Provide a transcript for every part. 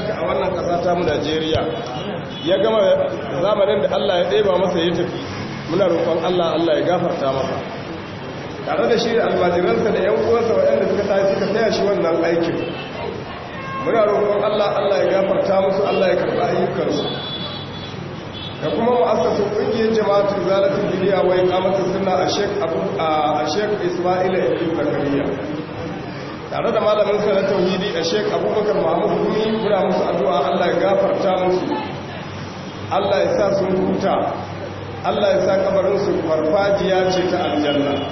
shakka a wannan ƙasa ta mu Najeriya ya gama zamanin da Allah ya ɗeba masa ya tafi muna roƙon Allah Allah ya gafarta masa tare da shi almajiransa da yan uwansa waɗanda suka tafi suka taya shi wannan aikin muna roƙon Allah Allah ya gafarta musu Allah ya karɓi ayyukansu da kuma mu'assasa kungiyar jama'atu zalatul bidiya wai kamata suna a Sheikh Abu a Sheikh Isma'ila Ibn Zakariya tare da malamin sa na tauhidi a Sheikh Abubakar Muhammad Gumi muna musu addu'a Allah ya gafarta musu Allah ya sa sun huta Allah ya sa kabarin su farfajiya ce ta aljanna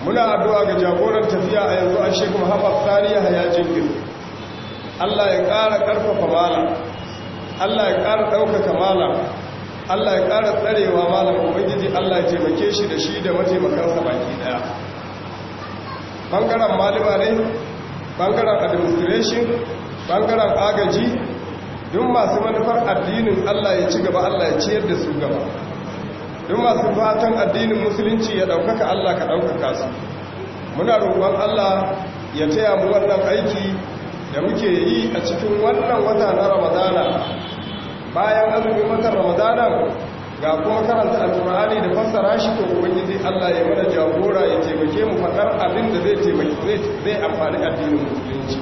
muna addu'a ga jagoran tafiya a yanzu a Sheikh Muhammad ya haya Jingir Allah ya ƙara ƙarfafa malam Allah ya ƙara ɗaukaka mala Allah ya ƙara tsarewa malam Ubangiji Allah ya taimake shi da shi da mataimakansa baki ɗaya bangaren malima ne bangaren administration bangaren agaji duk masu manufar addinin allah ya ci gaba allah ya ciyar da su gaba duk masu fatan addinin musulunci ya ɗaukaka allah ka ɗaukaka su muna roƙon allah ya taya mu wannan aiki da muke yi a cikin wannan wata na ramadana bayan azumin watan ramadana ga kuma karanta alkur'ani da fassara shi ko ubangiji Allah ya mana jagora ya taimake mu fadar abin da zai taimake zai amfani addinin musulunci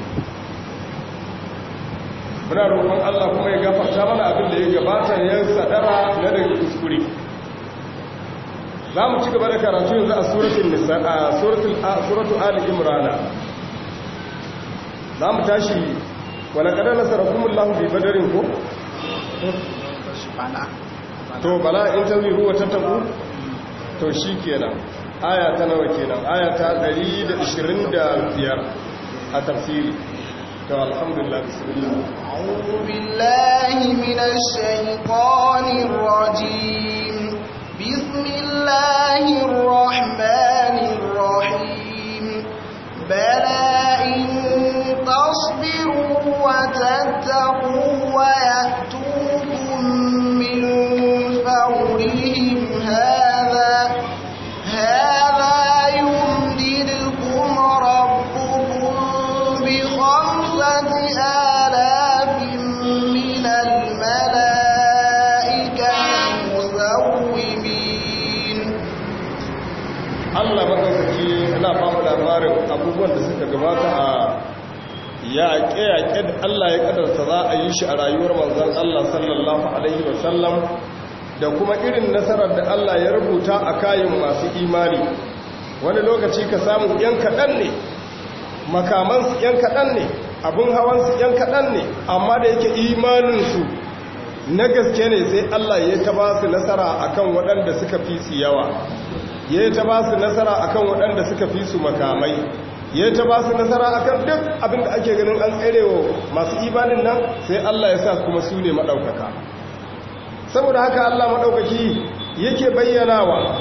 muna roƙon Allah kuma ya gafarta mana abin da ya gabata ya sadara na daga kuskure za ci gaba da karatu yanzu a suratul nisa a suratul suratul ali imran zamu mu tashi wala kadana sarakumullahu bi badarin ko to bala in ta tawiru wa tattaku to shi kenan aya ta nawa kenan aya ta 125 a tafsiri to alhamdulillah bismillah a'udhu billahi minash shaitanir rajim bismillahir rahmanir rahim bala in tasbiru wa tattaqu wa yatukum kamata a yaƙe-yaƙe da Allah ya ƙadarsa za a yi shi a rayuwar manzan Allah sallallahu Alaihi wasallam da kuma irin nasarar da Allah ya rubuta a kayan masu imani wani lokaci ka samu ‘yan kaɗan ne makamansu ‘yan kaɗan ne abin hawansu ‘yan kaɗan ne amma da yake imaninsu na gaske ne sai Allah ya ta su nasara kan waɗanda suka fi su yawa ya ta basu su nasara kan waɗanda suka fi su makamai ya ta ba su nasara akan duk abin da ake ganin an tserewa masu imanin nan sai Allah ya sa kuma su ne maɗaukaka saboda haka Allah maɗaukaki yake bayyanawa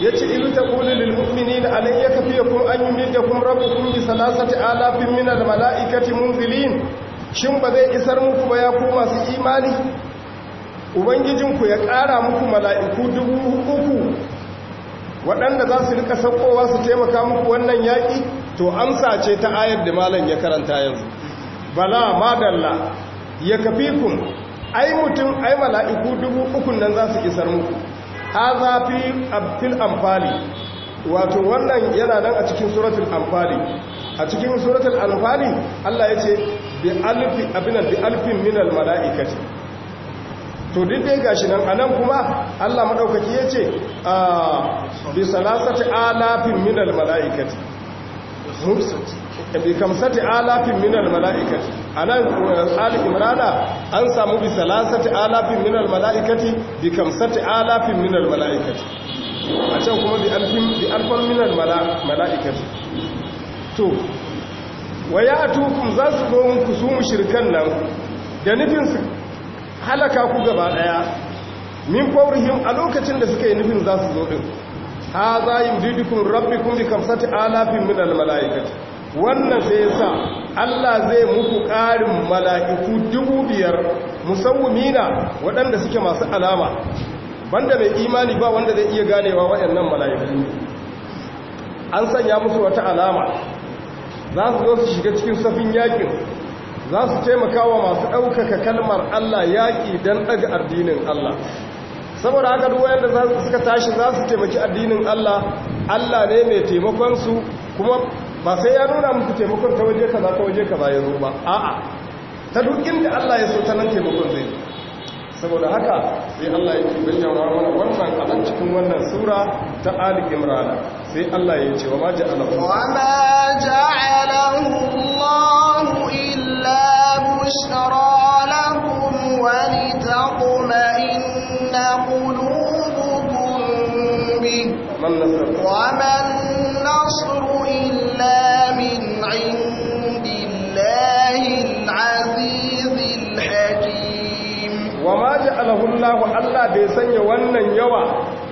ya ci ilu ta ƙuli lil'ummini na alai ya kun an yi da kun rabu kun bi ta alafin mina da mala'ikati mun munzilin shin ba zai isar muku ba ya ku masu imani ubangijinku ya ƙara muku mala'iku dubu uku waɗanda za su rika saukowa su taimaka muku wannan yaƙi to amsa ce ta ayar da malam ya karanta yanzu bala madalla ya kafi kun ai mutum ai mala'iku dubu ukun nan za su isar muku ha za fi abfil amfali wato wannan yana nan a cikin suratul amfali a cikin suratul amfali Allah ya ce bi alfi abinan bi alfin minal mala'ikati to duk dai gashi nan anan kuma Allah madaukaki yace ah, bi salasati alafin minal malaikati bi kamsati alafin minal malaikati anan eh, ali imrana an samu bi salasati alafin minal malaikati bi kamsati alafin minal malaikati a can kuma bi alfin bi alfan minal malaikati to waya atukum za su zo muku su shirkan nan da nufin halaka ku gaba daya min fawrihim a lokacin da suka yi nufin za su zo din haza Rabbi rabbikum bi kamsati alafin min al wannan sai yasa Allah zai muku ƙarin mala'iku dubu biyar musawmina waɗanda suke masu alama banda mai imani ba wanda zai iya ganewa waɗannan mala'iku an sanya musu wata alama za su zo su shiga cikin safin yakin za su taimaka wa masu ɗaukaka kalmar Allah yaƙi don ɗaga addinin Allah saboda haka duk wanda suka tashi za su taimaki addinin Allah Allah ne mai taimakonsu kuma ba sai ya nuna musu taimakon ta waje ka za ka waje ba ya zo a'a ta duk inda Allah ya so ta nan taimakon zai saboda haka sai Allah ya ce bayyana mana wannan a nan cikin wannan sura ta Ali Imran sai Allah ya ce wa ma ja'alahu wa ma ja'alahu Allah بشرى لهم ولتطمئن قلوبكم به وما النصر إلا من عند الله العزيز الحكيم وما جعله الله ألا بيسن ونن يوى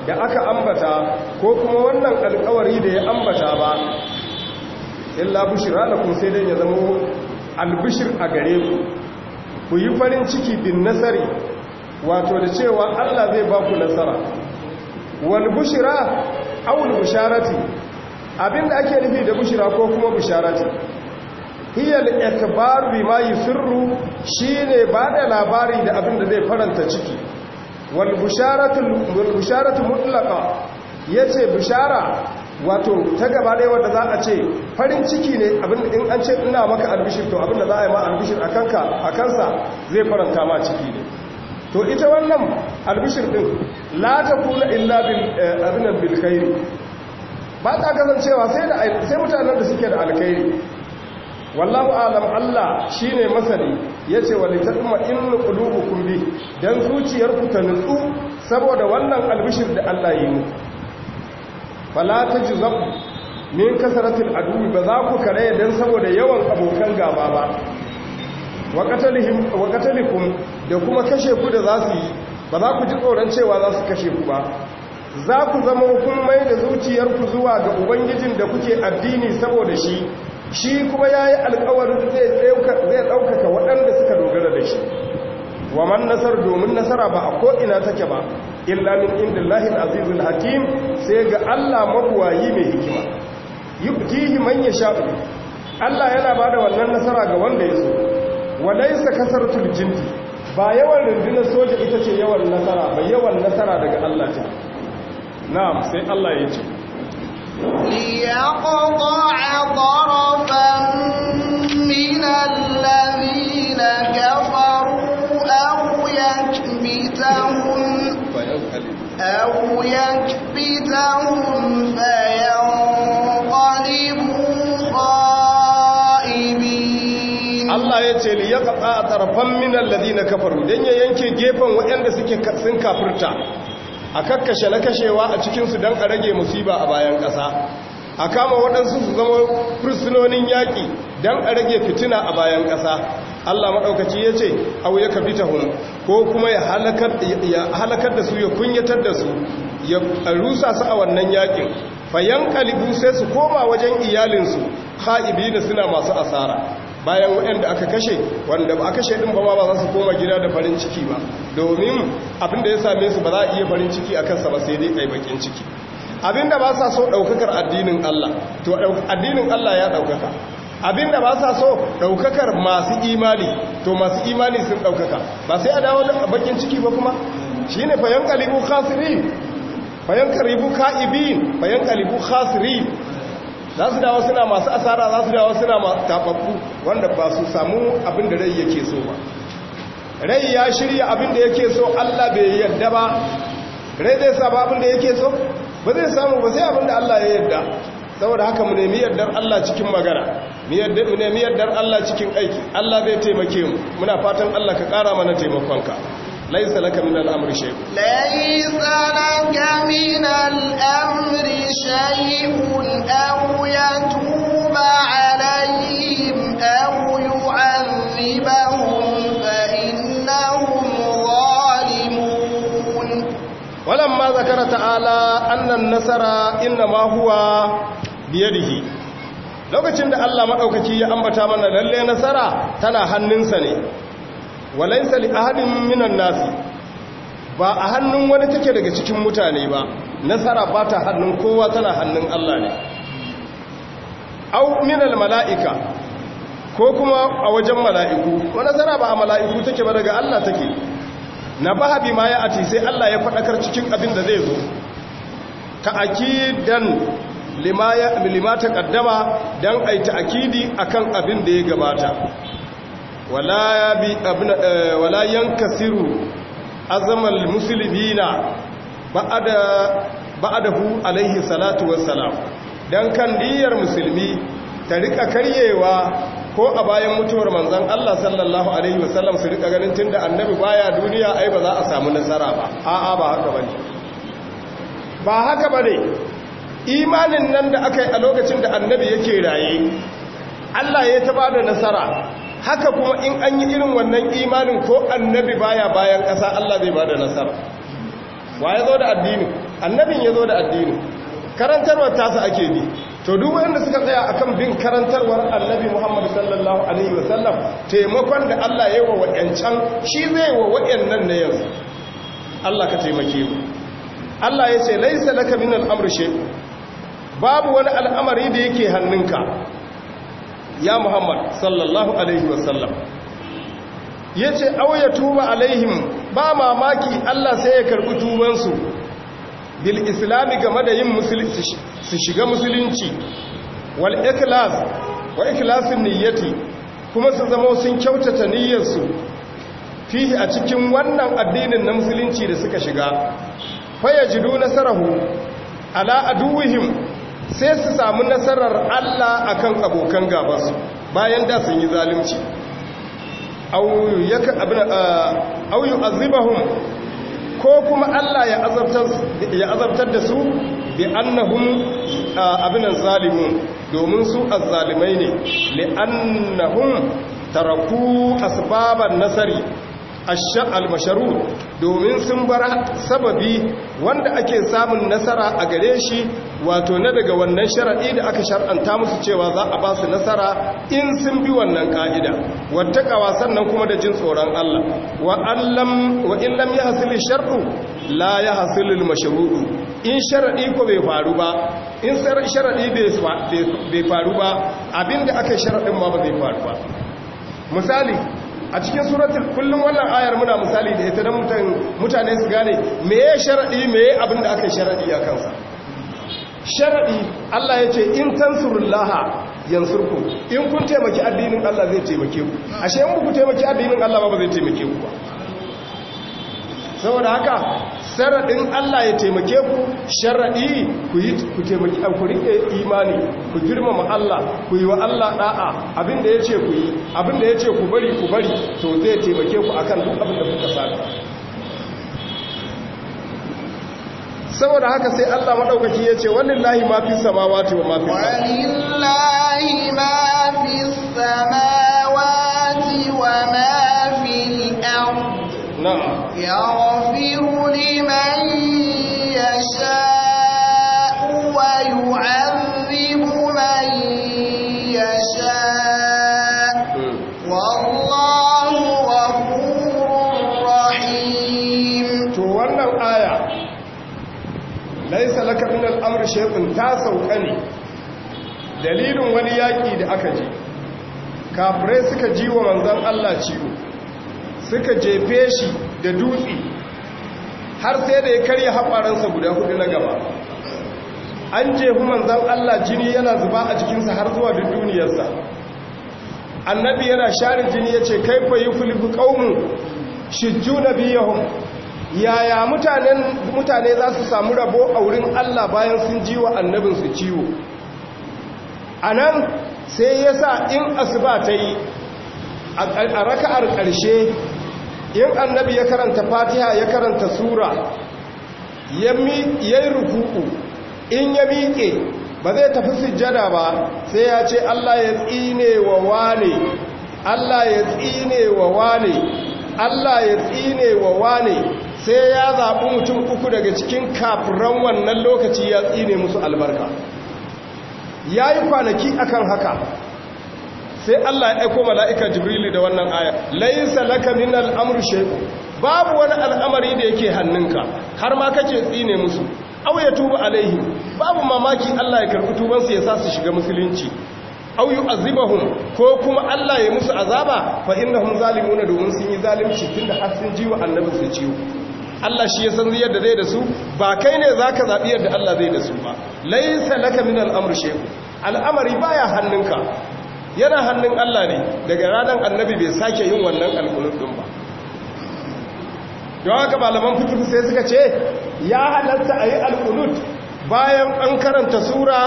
da aka ambata ko kuma wannan alkawari da ya ambata ba illa bushira lakum sai dan ya zama albishir a gare ku ku yi farin ciki bin nasari wato da cewa Allah zai ba ku nasara wal bushira al busharati abinda ake nufi da bushira ko kuma busharati hiyal ikbar bima yusirru shine ba da labari da abinda zai faranta ciki wal busharatu wal busharatu mutlaqa yace bushara wato ta gaba dai wanda za a ce farin ciki ne abin in an ce ina maka albishir to abin da za a yi ma albishir a kanka a kansa zai faranta ma ciki ne to ita wannan albishir din la ta kula illa bil eh, abin bil khairi ba ta kasancewa sai da sai mutanen da suke da alkhairi wallahu alam Allah shine masani yace wa litaqma in qulubukum bi dan zuciyarku ta nutsu saboda wannan albishir da Allah yi muku fala tajzabu min kasaratul adu ba za ku kare dan saboda yawan abokan gaba ba wa da kuma kashe ku da za su yi ba za ku ji tsoron cewa za su kashe ku ba za ku zama mai da zuciyarku zuwa ga ubangijin da kuke addini saboda shi shi kuma ya yi alkawarin zai ɗaukaka waɗanda suka dogara da shi wa man nasar domin nasara ba a ko'ina take ba illa min inda Lahil azizul hakim sai ga allah makuwayi mai hikima yubtihi man yasha Allah yana bada wannan nasara ga wanda ya so walaysa kasratul jindi ba yawan rinduna soja ita ce yawan nasara ba yawan nasara daga Allah ce na'am sai Allah ya ce liyaqta'a tarafan min alladhina kafaru aw yakmitahum aw فَانْتَقِمُوا خَائِبِينَ Allah ya ce li yaqta tarfan na alladhina kafaru dan ya yanke gefen waɗanda suke sun kafirta a kakkashe na kashewa a cikin don a rage musiba a bayan ƙasa a kama waɗansu su zama fursunonin yaƙi don a rage fitina a bayan ƙasa Allah maɗaukaci ya ce au ya ta hun ko kuma ya halakar da su ya kunyatar da su ya rusa su a wannan yaƙin fayan kalibu sai su koma wajen iyalinsu ha'ibi da suna masu asara bayan waɗanda aka kashe wanda ba kashe ɗin ba ma ba za su koma gida da farin ciki ba domin abinda ya same su ba za a iya farin ciki a kansa ba sai dai ai bakin ciki abinda ba sa so ɗaukakar addinin Allah to addinin Allah ya ɗaukaka abinda ba sa so ɗaukakar masu imani to masu imani sun ɗaukaka ba sai a dawo da bakin ciki ba kuma shine fayan kalibu khasiri bayan karibu ka'ibin bayan kalibu khasiri za su dawo suna masu asara za su dawo suna tafafu wanda ba su samu abin da rai yake so ba rai ya shirya abin da yake so Allah bai yadda ba rai zai samu abin da yake so ba zai samu ba sai abin da Allah ya yadda saboda haka mu nemi yardar Allah cikin magana mu nemi yardar Allah cikin aiki Allah zai taimake mu muna fatan Allah ka kara mana taimakonka laisa laka min al'amri shay'un laisa laka min al'amri shay'un aw yatuba alayhim aw yu'adhibahum fa innahum zalimun ma zakara ta'ala annan nasara nasara ma huwa biyadihi lokacin da Allah maɗaukaci ya ambata mana lalle nasara tana hannunsa ne walaisa li ahadin minan nasi ba a hannun wani take daga cikin mutane ba nasara ba ta hannun kowa tana hannun Allah ne au minal mala'ika ko kuma a wajen mala'iku wani nasara ba a mala'iku take ba daga Allah take na bahabi ma ya ati sai Allah ya faɗakar cikin abin da zai zo ta akidan lima ta ƙaddama don a ta akidi akan abin da ya gabata Eh, wala yankasiru azamar musulmina ba'adahu alaihi salatu wassalam don kan diyar musulmi ta rika karyewa ko a bayan mutuwar manzan Allah sallallahu alaihi wasallam su rika ganin da annabi baya duniya ai ba za a samu nasara ba a'a ba haka bane ba haka bane imanin nan da aka yi a lokacin da annabi yake raye Allah ya ta da nasara haka kuma in an yi irin wannan imanin ko annabi baya bayan ƙasa Allah zai bada nasara wa ya zo da addini annabin ya zo da addini karantarwar tasa ake bi to duk wanda suka tsaya kan bin karantarwar annabi Muhammad sallallahu alaihi wasallam taimakon da Allah ya yi wa wayancan shi zai wa wayannan ne yanzu Allah ka taimake mu Allah ya ce laisa laka min al babu wani al'amari da yake hannunka ya muhammad sallallahu alaihi wasallam ya ce auya tuba alaihim ba mamaki allah sai ya karɓi tubansu bil islami game da yin su shiga musulunci wal ikhlas wa ikhlasin niyyati kuma su zama sun kyautata niyyarsu fihi a cikin wannan addinin na musulunci da suka shiga fa yajidu nasarahu ala aduwihim sai su samu nasarar Allah a kan abokan gabansu bayan da sun yi zalunci auyu ah, azibahum ko kuma Allah ya azabtar da su bi annahun ah, abinan zalimun domin su azzalimai ne li'annahum taraku asbaban nasari al-masharu domin sun bara sababi wanda ake samun nasara a gare shi wato na daga wannan sharaɗi da aka shar'anta musu cewa za a ba su nasara in sun bi wannan ka'ida kawa sannan kuma da jin tsoron Allah wa allam wa in lam yahsil shar'u la yahsil al masharu in shar'i ko bai faru ba in shar'i bai faru ba abinda aka sharaɗin ma ba zai faru ba misali a cikin suratul kullum wannan ayar muna misali da ita dan mutane su gane meye sharadi meye abin da aka sharaɗi a kansa sharadi Allah ce in tansurullaha yansurku in kun taimaki addinin Allah zai taimake ku ashe in ku taimaki addinin Allah ba zai taimake ku ba saboda haka sharaɗin Allah ya taimake ku sharaɗi ku yi ku taimake ku rike imani ku girmama Allah ku yi wa Allah da'a abinda yace ku yi abinda yace ku bari ku bari to zai taimake ku akan duk abin da kuka saba saboda haka sai Allah madaukaki yace wallahi ma fi samawati wa ma fi wallahi ma fi samawati wa ma fi al نعم يغفر لمن يشاء ويعذب من يشاء والله غفور رحيم تو wannan aya laysa laka min al ta sauƙa ne dalilin wani yaƙi da aka ji kafirai suka ji wa manzon Allah ciwo suka jefe shi da dutse har sai da ya karya haƙwaransa guda hudu na gaba an jefi manzan Allah jini yana zuba a jikinsa har zuwa duk duniyarsa annabi yana share jini ya ce kai fa yi fulifu ƙaunu shijju na biyahun yaya mutane za su samu rabo a wurin Allah bayan sun ji wa annabinsu ciwo a nan sai ya sa in asuba ta yi a raka'ar ƙarshe in annabi ya karanta fatiha ya karanta sura ya yi ruku'u in ya miƙe ba zai tafi sujjada ba sai ya ce Allah ya tsine wa wane Allah ya tsine wa wane Allah ya tsine wa wane sai ya zaɓi mutum uku daga cikin kafiran wannan lokaci ya tsine musu albarka ya yi kwanaki akan haka sai Allah ya aiko mala'ika jibril da wannan aya laisa laka min al’amur shay'un babu wani al'amari da yake hannunka har ma kace tsine musu au ya tuba alaihi babu mamaki Allah ya karbi tubansu ya sa su shiga musulunci yi azibahun, ko kuma Allah ya musu azaba fa hun zalimuna domin sun yi zalunci tunda har sun jiwa annabi su ciwo Allah shi ya san yadda zai da su ba kai ne za ka zaɓi yadda Allah zai da su ba Laisa laka min al-amr al'amari baya hannunka yana hannun Allah ne daga ranar annabi bai sake yin wannan alkunut ɗin ba yau haka malaman fikihu sai suka ce ya halatta a yi alkunut bayan an karanta sura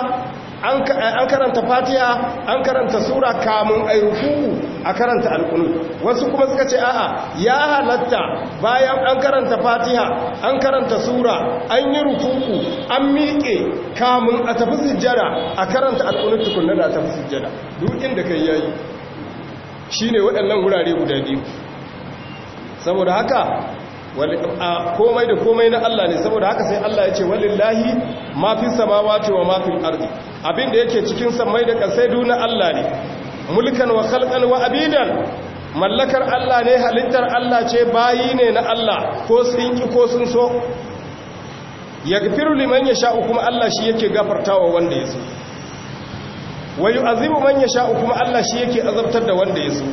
an karanta fatiha an karanta sura kamun ai ruku a karanta alkunu wasu kuma suka ce a'a ya halatta bayan an karanta fatiha an karanta sura an yi ruku an miƙe kamun a tafi sujjada a karanta alkunu tukunna da tafi sujjada duk inda kai yayi shine waɗannan wurare guda biyu saboda haka komai da komai na Allah ne saboda haka sai Allah ya ce walillahi ma fi samawati wa ma fi ardi abin da yake cikin samai da kasai duna Allah ne mulkan wa khalqan wa abidan mallakar Allah ne halittar Allah ce bayi ne na Allah ko sun ki ko sun so yaghfiru liman yasha kuma Allah shi yake gafartawa wanda ya so wa man yasha kuma Allah shi yake azabtar da wanda ya so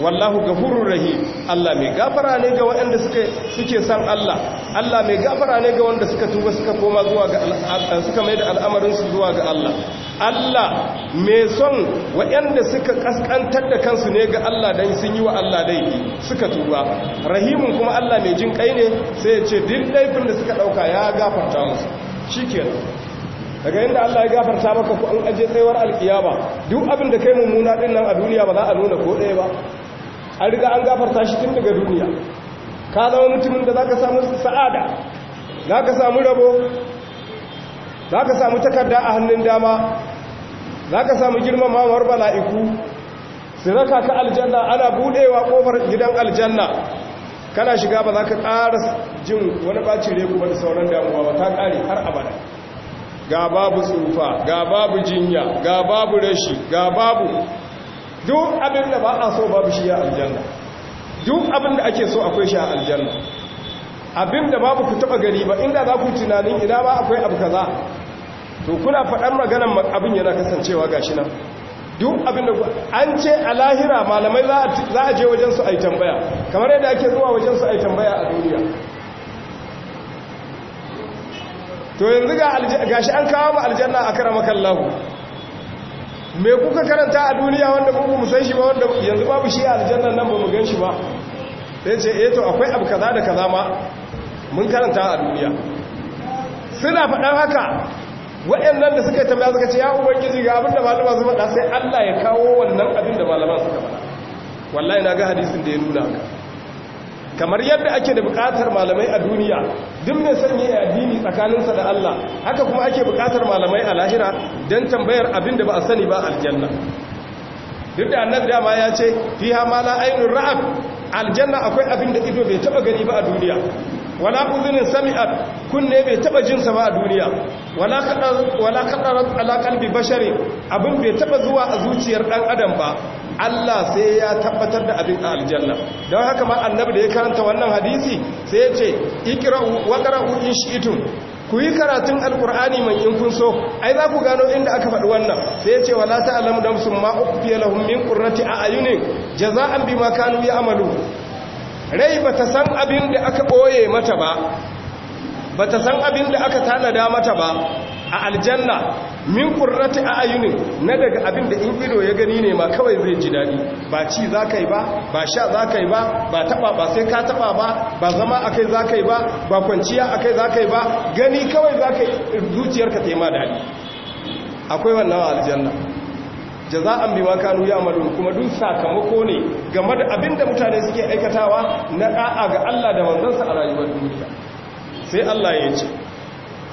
wallahu ghafurur rahim Allah mai gafara ne ga waɗanda suke suke san Allah Allah mai gafara ne ga wanda suka tuba suka koma zuwa ga suka mai da al'amarin su zuwa ga Allah Allah mai son waɗanda suka kaskantar da kansu ne ga Allah dan sun yi wa Allah dai suka tuba rahimun kuma Allah mai jin kai ne sai ya ce duk laifin da suka dauka ya gafarta musu shikenan daga inda Allah ya gafarta maka ku an aje tsayuwar alkiyama duk abin da kai mummuna din nan a duniya ba za a nuna ko ɗaya ba an riga an gafarta shi tun daga duniya ka zama mutumin da za ka samu sa'ada za ka samu rabo za ka samu takarda a hannun dama za ka samu girmamawar bala'iku su raka ka aljanna ana buɗewa ƙofar gidan aljanna kana shiga ba za ka ƙara jin wani bacin reku ba da sauran damuwa ba ta ƙare har abada ga babu tsufa ga babu jinya ga babu rashi ga babu duk abin da ba a so babu shi ya aljanna duk abin da ake so akwai shi a aljanna abin da babu ku taba gari ba inda za ku tunanin ina ba akwai abu kaza to kuna faɗan maganan abin yana kasancewa gashi nan duk abin da an ce a lahira malamai za a je wajen su a yi tambaya kamar yadda ake zuwa wajen su a yi tambaya a duniya to yanzu ga shi an kawo mu aljanna a karamakan lahu me kuka karanta a duniya wanda kuma mu san shi ba wanda yanzu babu shi a aljannan nan ba mu gan shi ba sai ce eh to akwai abu kaza da kaza ma mun karanta a duniya suna faɗan haka wayannan da suka tambaya suka ce ya ubangiji ga abin da malama su faɗa sai Allah ya kawo wannan abin da malama suka faɗa wallahi na ga hadisin da ya nuna haka kamar yadda ake da bukatar malamai a duniya duk mai sanyi a addini tsakaninsa da Allah haka kuma ake bukatar malamai a lahira don tambayar abin da ba a sani ba aljanna duk da annabi dama ya ce fiha ma la ainur ra'ab aljanna akwai abin da ido bai taba gani ba a duniya wala uzunin sami'at kunne bai taba jin sa ba a duniya wala kadar wala kadar ala kalbi bashari abin bai taba zuwa a zuciyar dan adam ba Allah sai ya tabbatar da abin a aljanna don haka ma annabi da ya karanta wannan hadisi sai ya ce ikra'u wa qara'u in shi'tum ku yi karatun alkur'ani mai in kun so ai za ku gano inda aka faɗi wannan sai ya ce wala ta'lamu damsum ma ukfiya lahum min qurrati a'yunin jaza'an bima kanu ya'malu rai bata san abin da aka boye mata ba bata san abin da aka tanada mata ba a aljanna min a ayyuni na daga abin da in ido ya gani ne ma kawai zai ji daɗi. ba ci zakai ba ba sha zakai ba ba taba ba sai ka taba ba ba zama akai zakai ba ba kwanciya akai zakai ba gani kawai zakai zuciyarka ta yi ma daɗi. akwai wannan wa aljanna jaza'an bima kanu ya'malun kuma duk sakamako ne game da abin da mutane suke aikatawa na da'a ga Allah da manzansa a rayuwar duniya sai Allah ya ce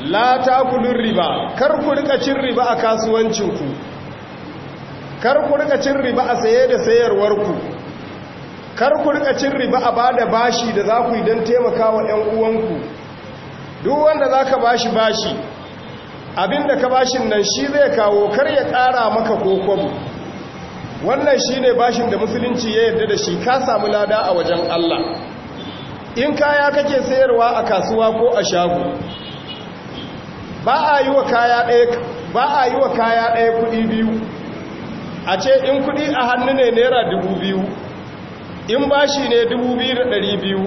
la takulur riba kar ku rika cin riba a kasuwancinku kar ku rika cin riba a saye da sayarwar ku. kar ku rika cin riba a bada bashi da za ku yi don taimakawa 'yan uwanku duk wanda za ka bashi bashi abinda ka bashin nan shi zai kawo kar ya ƙara maka kokon wannan shi ne bashin da musulunci ya yarda da shi ka samu lada a wajen Allah in kaya kake sayarwa a kasuwa ko a shago ba a yi wa kaya ɗaya kuɗi biyu a ce in kuɗi a hannu ne naira dubu biyu in bashi ne dubu biyu da ɗari biyu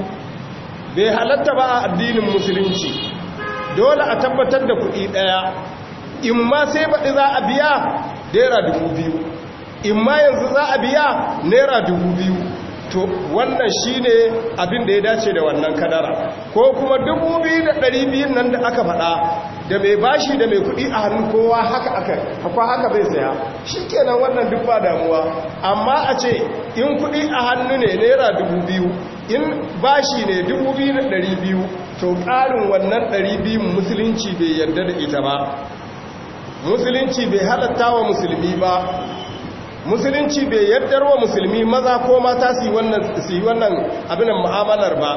bai halatta ba a addinin musulunci dole a tabbatar da kuɗi ɗaya in ma sai baɗi za a biya naira dubu biyu in ma yanzu za a biya naira dubu biyu to wannan shi ne abin da ya dace da wannan kadara ko kuma dubu biyu da ɗari biyun nan da aka faɗa da mai bashi da mai kuɗi a hannun kowa haka aka akwai haka bai saya shi kenan wannan duk ba damuwa amma a ce in kuɗi a hannu ne naira dubu biyu in bashi ne dubu biyu da dari biyu to ƙarin wannan ɗari biyu musulunci bai yarda da ita ba musulunci bai halatta wa musulmi ba musulunci bai yardar wa musulmi maza ko mata su yi wannan abinan mu'amalar ba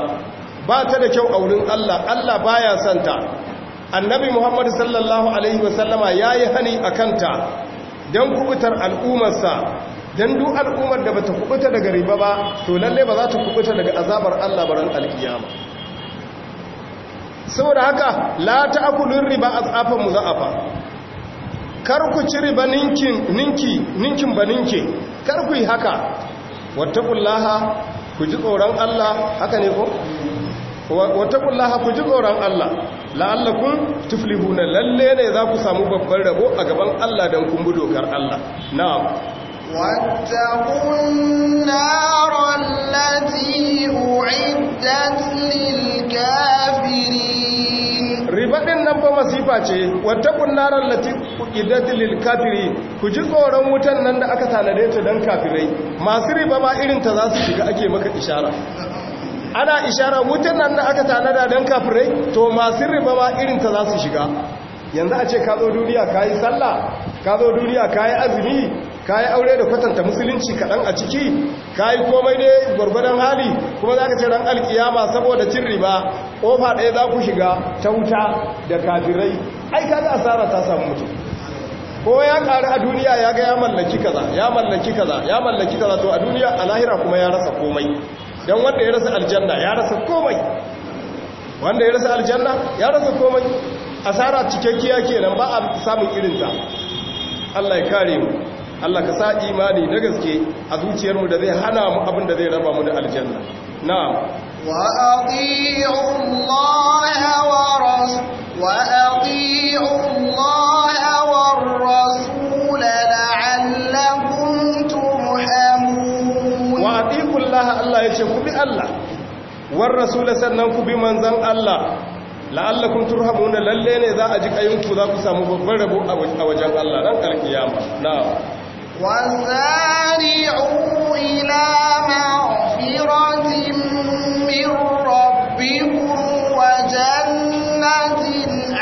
ba ta da kyau a wurin Allah Allah baya santa annabi muhammad sallallahu alaihi wasallama ya yi hani a kanta don kubutar al'ummarsa don duk al'ummar da ba ta kubuta daga riba ba to lalle ba za ta kubuta daga azabar allah baran alkiyama saboda haka la ta akulun riba a tsafin mu za'afa kar ku ci riba ninkin ba ninke kar ku yi haka wata kullaha ku ji tsoron allah haka ne ko? wataƙullaha haku ji tsoron Allah la'allakun tuflihuna lalle ne za ku samu babban rabo a gaban Allah don kun bi dokar Allah na'am wattaqun naral lati u'iddat lil kafirin ribadin nan ba masifa ce wattaqun naral lati u'iddat lil kafirin ku ji tsoron wutan nan da aka tanade ta don kafirai masu riba ma irin ta za su shiga ake maka ishara ana ishara wutan nan da aka tanada don kafirai to masu riba ma irin ta za su shiga yanzu a ce ka zo duniya ka yi sallah ka zo duniya ka yi azumi ka yi aure da kwatanta musulunci kaɗan a ciki ka yi komai ne gwargwadon hali kuma za ka ce ran alkiyama saboda cin riba ƙofa ɗaya za ku shiga ta wuta da kafirai ai ka asara ta samu mutum ko ya ƙari a duniya ya ga ya mallaki kaza ya mallaki kaza ya mallaki kaza to a duniya a lahira kuma ya rasa komai don wanda ya rasa aljanna ya rasa komai wanda ya rasa aljanna ya rasa komai asara cikakkiya kenan ba a samun irinta Allah ya kare mu Allah ka sa imani na gaske a zuciyarmu da zai hana mu abin da zai raba mu da aljanna na. wa ati'u Allah wa ras Allah wa rasul Allah Allah ya ce ku bi Allah war rasul sannan ku bi manzon Allah la'allakum turhamuna lalle ne za a ji kayinku za ku samu babban rabo a wajen Allah ran alkiyama na'am وسارعوا إلى مغفرة من ربكم وجنة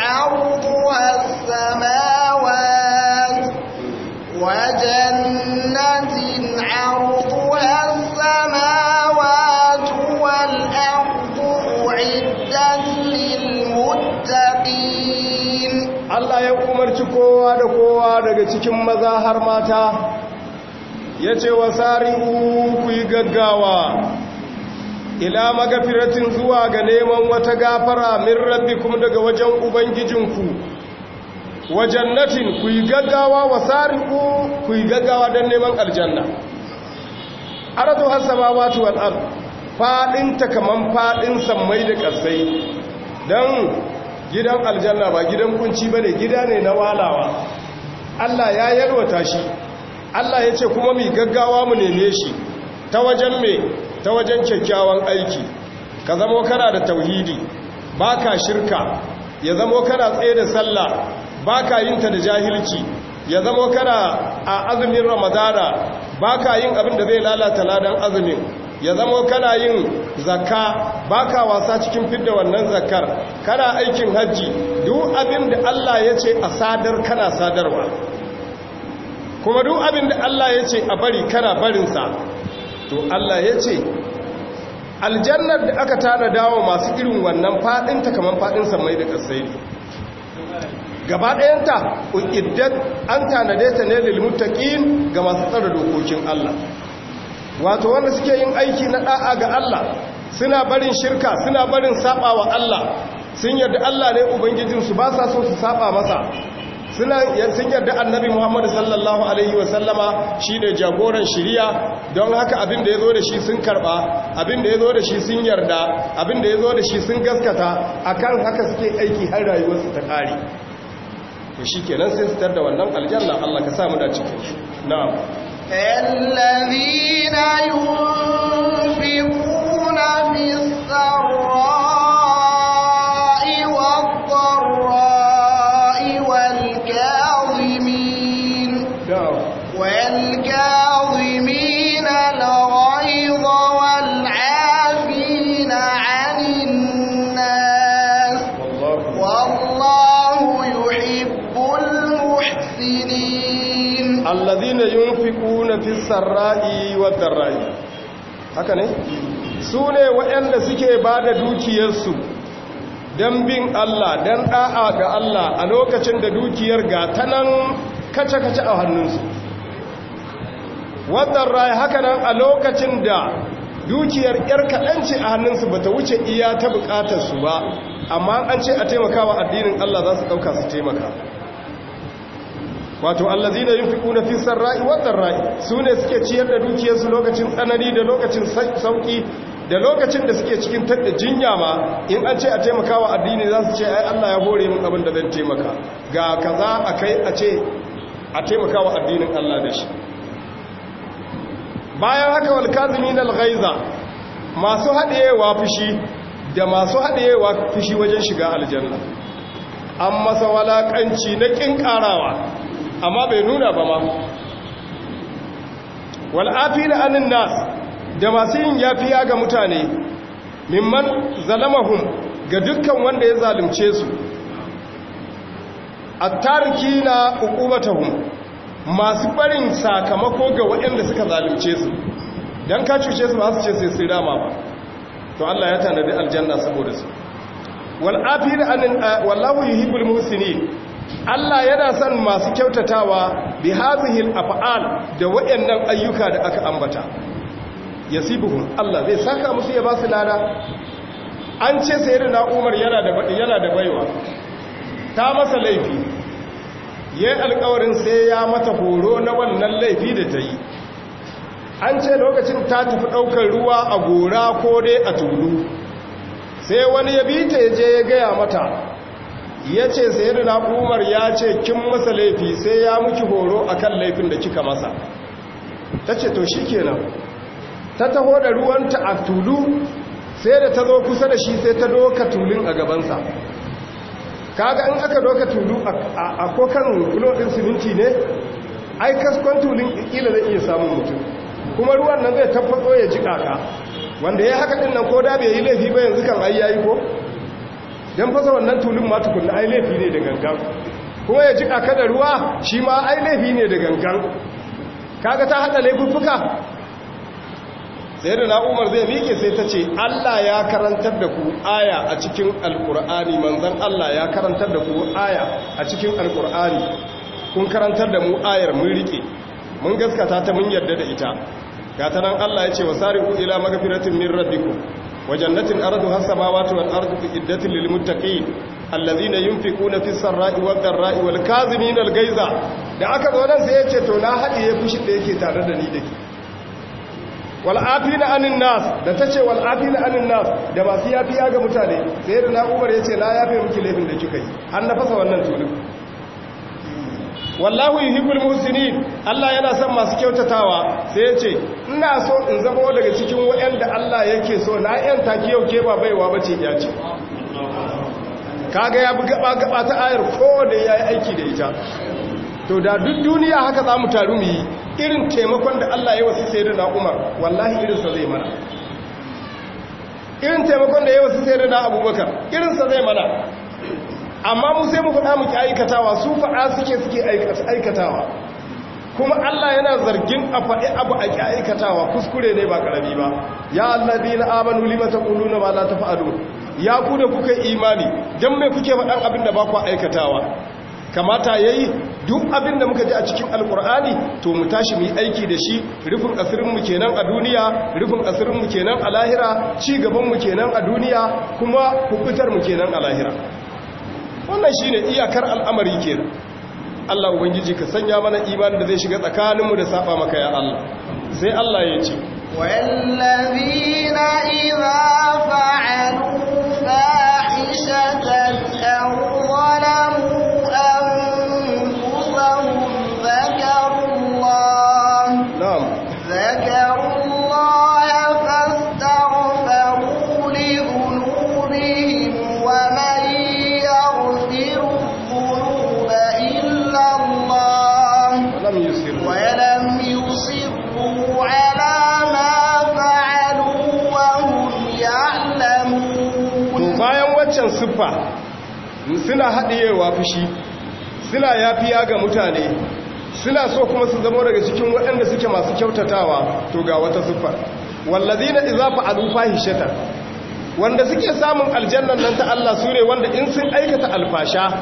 عرضها السماوات وجنة عرضها السماوات والأرض أعدت للمتقين الله يقوم ارتكوا دقوا دقتكم مظاهر ماتا yace wa sari'u ku yi gaggawa ila magafiratin zuwa ga neman wata gafara min rabbikum daga wajen ubangijinku wa jannatin ku yi gaggawa wa sari'u ku yi gaggawa don neman aljanna aradu watu wal ard fadin ta kaman fadin sammai da kasai dan gidan aljanna ba gidan kunci bane gida ne na walawa Allah ya yarwata shi Allah ya ce kuma mu gaggawa mu neme shi ta wajen me ta wajen kyakkyawan aiki ka zamo kana da tauhidi baka shirka ya zamo kana tsaye da sallah baka yinta da jahilci ya zamo kana a azumin ramadana Ba ka yin abin da zai lalata ladan azumin ya zamo kana yin zakka ka wasa cikin fidda wannan zakkar kana aikin hajji duk abin da Allah ya ce a sadar kana sadarwa kuma duk abin da Allah ya ce a bari kana barinsa to Allah ya ce aljannar da aka tana dawo masu irin wannan faɗinta kamar faɗinsa mai da kasai gaba ɗayanta uƙiddat an tanade ta ne lilmuttaqin ga masu tsara dokokin Allah wato wanda suke yin aiki na ɗa'a ga Allah suna barin shirka suna barin saba wa Allah sun yarda Allah ne ubangijinsu ba sa so su saba masa sun yarda annabi Muhammadu sallallahu alaihi wasallama ne jagoran shirya don haka abin da ya zo da shi sun karba abin da ya zo da shi sun yarda abin da ya zo da shi sun gaskata akan haka suke aiki har rayuwarsu ta ƙari. to nan sai su da wannan aljanna Allah ka samu da cikin su na'am alladhina yunfiquna bis fi sarra'i wa darra'i haka ne su ne waɗanda suke ba da dukiyarsu don bin Allah don ɗa'a ga Allah a lokacin da dukiyar ga ta nan kace-kace a hannunsu wannan rai haka nan a lokacin da dukiyar yar kaɗanci a hannunsu ba ta wuce iya ta buƙatarsu ba amma an ce a taimakawa addinin Allah za su ɗauka su taimaka wato da yunfiquna fi sarra'i wa su ne suke ciyar da dukiyarsu lokacin tsanani da lokacin sauki da lokacin da suke cikin tadda jinya ma in an ce a taimakawa addini za su ce ai Allah ya hore min abin da zan taimaka ga kaza akai a ce a taimakawa addinin Allah da shi bayan haka wal kazimin al ghaiza masu hadewa fushi da masu hadewa fushi wajen shiga aljanna an masa walaƙanci na kin karawa amma bai nuna ba ma wal'afina anin nas da masu yin yafiya ga mutane mimman zalamahum ga dukkan wanda ya zalunce su attariki na hukumatahum masu barin sakamako ga waɗanda suka zalunce su don ka cuce su ba su ce sai rama ba to Allah ya tanadi aljanna saboda su wal'afina anin wallahu yuhibbul muhsinin Allah yana son masu kyautatawa bi hazihil af'al da wayannan ayyuka da aka ambata yasibuhum Allah zai saka musu ya ba su lada an ce sayyidina Umar yana da yana da baiwa ta masa laifi yayin alƙawarin sai ya mata horo na wannan laifi da ta yi an ce lokacin ta tafi ɗaukar ruwa a gora ko dai a tulu sai wani ya bi ta je ya gaya mata ya ce da umar ya ce kin masa laifi sai ya muki horo akan laifin da kika masa ta ce to shi kenan ta taho da ruwanta a tulu sai da ta zo kusa da shi sai ta doka tulun a gabansa kaga in aka doka tulu a kokan gulodin siminti ne ai kaskon tulun kila zai iya samun mutum kuma ruwan nan zai tabbato ya ji kaka wanda ya haka ɗin nan ko da bai yi laifi ba yanzu kan ai yayi ko don fasa wannan tulun ma tukunna ai laifi ne da gangan kuma ya ji jika da ruwa shi ma ai laifi ne da gangan kaga ta haɗa laifuffuka sai da na'umar zai miƙe sai ta ce allah ya karantar da ku aya a cikin alkur'ani manzan allah ya karantar da ku aya a cikin alkur'ani kun karantar da mu ayar mun riƙe mun gaskata ta mun yarda da ita ta nan allah ya ce wasari ku ila magafiratin min rabbikum وجنة أرضها السماوات والأرض عدة للمتقين الذين ينفقون في السراء والضراء والكاظمين الغيظ da aka zo nan sai ya ce to na haɗiye fushi da yake tare da ni dake. ke na anin nas da ta ce wal'afina anin nas da masu yafiya ga mutane sai da na umar ya ce na yafe miki laifin da kika yi an na fasa wannan tulun wallahu yuhibbul muhsinin Allah yana son masu kyautatawa sai ya ce ina so in zama daga cikin wanda Allah yake so na yan take yau ke ba baiwa bace ya ce kaga ya bi gaba gaba ta ayar ko da yayi aiki da ita to da duk duniya haka za mu taru mu yi irin taimakon da Allah ya wasu sai da Umar wallahi sa zai mana irin taimakon da ya wasu sai da Abubakar sa zai mana amma mu sai mu faɗa muke aikatawa su faɗa suke suke aikatawa kuma Allah yana zargin a faɗi abu a ƙi aikatawa kuskure ne ba ƙarami ba ya allabi na amanu lima ta ƙulu na ba la ta fa'adu ya ku da kuka imani don mai kuke faɗan abin da ba ku aikatawa kamata ya yi duk abin da muka ji a cikin alkur'ani to mu tashi mu yi aiki da shi rufin asirinmu kenan a duniya rufin asirinmu kenan a lahira ci gabanmu kenan a duniya kuma hukutarmu kenan a lahira wannan shi ne iyakar al'amari kenan Allah ubangiji ka sanya mana imanin da zai shiga tsakaninmu da saba maka ya Allah sai Allah ya ce والذين ذكروا kafa suna haɗiyewa fushi suna yafiya ga mutane suna so kuma su zama daga cikin waɗanda suke masu kyautatawa to ga wata siffar wallazina izafa fa'alu fahishatan wanda suke samun aljannan nan ta Allah sure wanda in sun aikata alfasha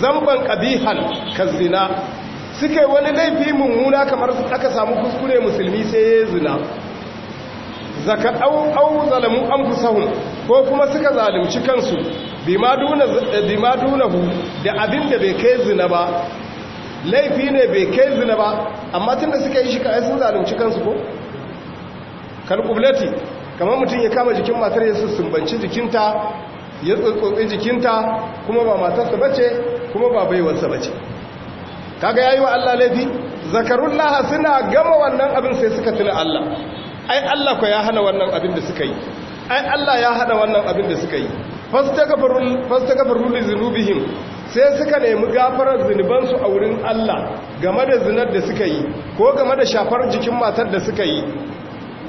zamban qabihan kazina suke wani laifi mummuna kamar aka samu kuskure musulmi sai ya zina zaka au zalamu anfusahum ko kuma suka zalunci kansu bima duna eh, bima dunahu da abin da bai kai zina ba laifi ne bai kai zina ba amma tunda suka yi shi kai sun zalunci kansu ko kalkublati kamar mutum ya kama jikin matar ya sumbanci jikinta ya tsotsotsi jikinta kuma ba matarsa bace kuma ba baiwarsa bace kaga yayi wa Allah laifi Zakarullaha suna gama wannan abin sai suka tuna Allah ai Allah ko ya hana wannan abin da suka yi ai Allah ya hada wannan abin da suka yi fastagfirul sai suka nemi gafarar su a wurin Allah game da zinar da suka yi ko game da shafar jikin matar da suka yi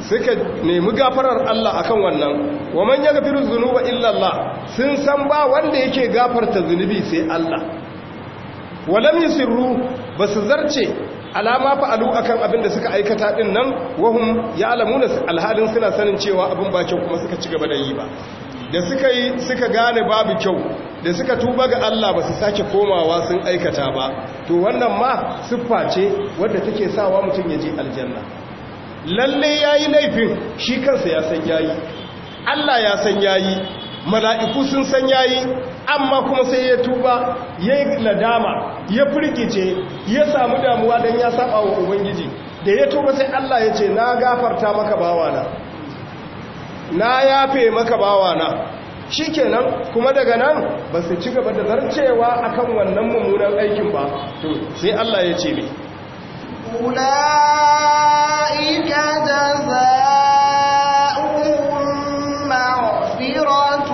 suka nemi gafarar Allah akan wannan wa man yaghfiru dhunuba illa Allah sun san ba wanda yake gafarta zunubi sai Allah walam yusirru basu zarce alama fa alu akan abin da suka aikata din nan wahum da alhalin suna sanin cewa abin ba kyau kuma suka ci gaba da yi ba da suka yi suka gane babu kyau da suka tuba ga Allah ba su sake komawa sun aikata ba to wannan ma siffa ce wadda take sawa mutum ya je aljanna lalle yayi laifin shi kansa ya san yayi Allah ya san yayi mala'iku sun san yayi amma kuma sai ya tuba ya yi nadama ya firgice ya samu damuwa don ya saba wa ubangiji da ya tuba sai Allah ya ce na gafarta maka bawana na yafe maka bawana shi kenan kuma daga nan ba su ci gaba da zarcewa akan wannan mummunan aikin ba to sai Allah ya ce ne أولئك جزاؤهم مغفرة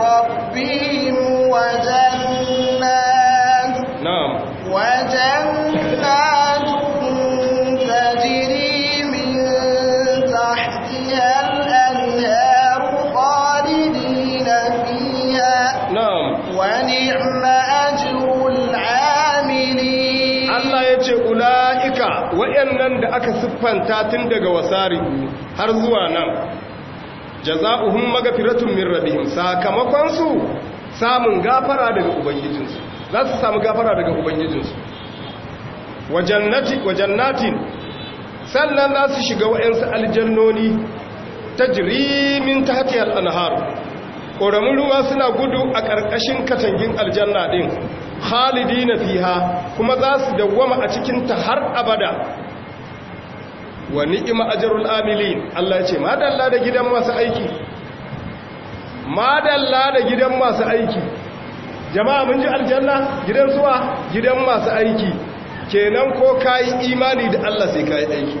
ربهم وجنات نعم وجنات تجري من تحتها الأنهار خالدين فيها نعم ونعم أجر العاملين الله يجعل wa'yannan da aka siffanta tun daga wasari har zuwa nan jaza'uhum magfiratun min rabbihim sakamakon su samun gafara daga ubangijinsu za su samu gafara daga ubangijinsu wa jannati wa jannatin sannan za su shiga su aljannoni tajri min tahti al-anhar ƙoramun ruwa suna gudu a ƙarƙashin katangin aljanna ɗin halidi fiha kuma za su dawwama a cikin ta har abada wa ni'ima ajrul amilin Allah ya ce dalla da gidan masu aiki dalla da gidan masu aiki jama'a mun ji aljanna gidan suwa gidan masu aiki kenan ko kai imani da Allah sai kai aiki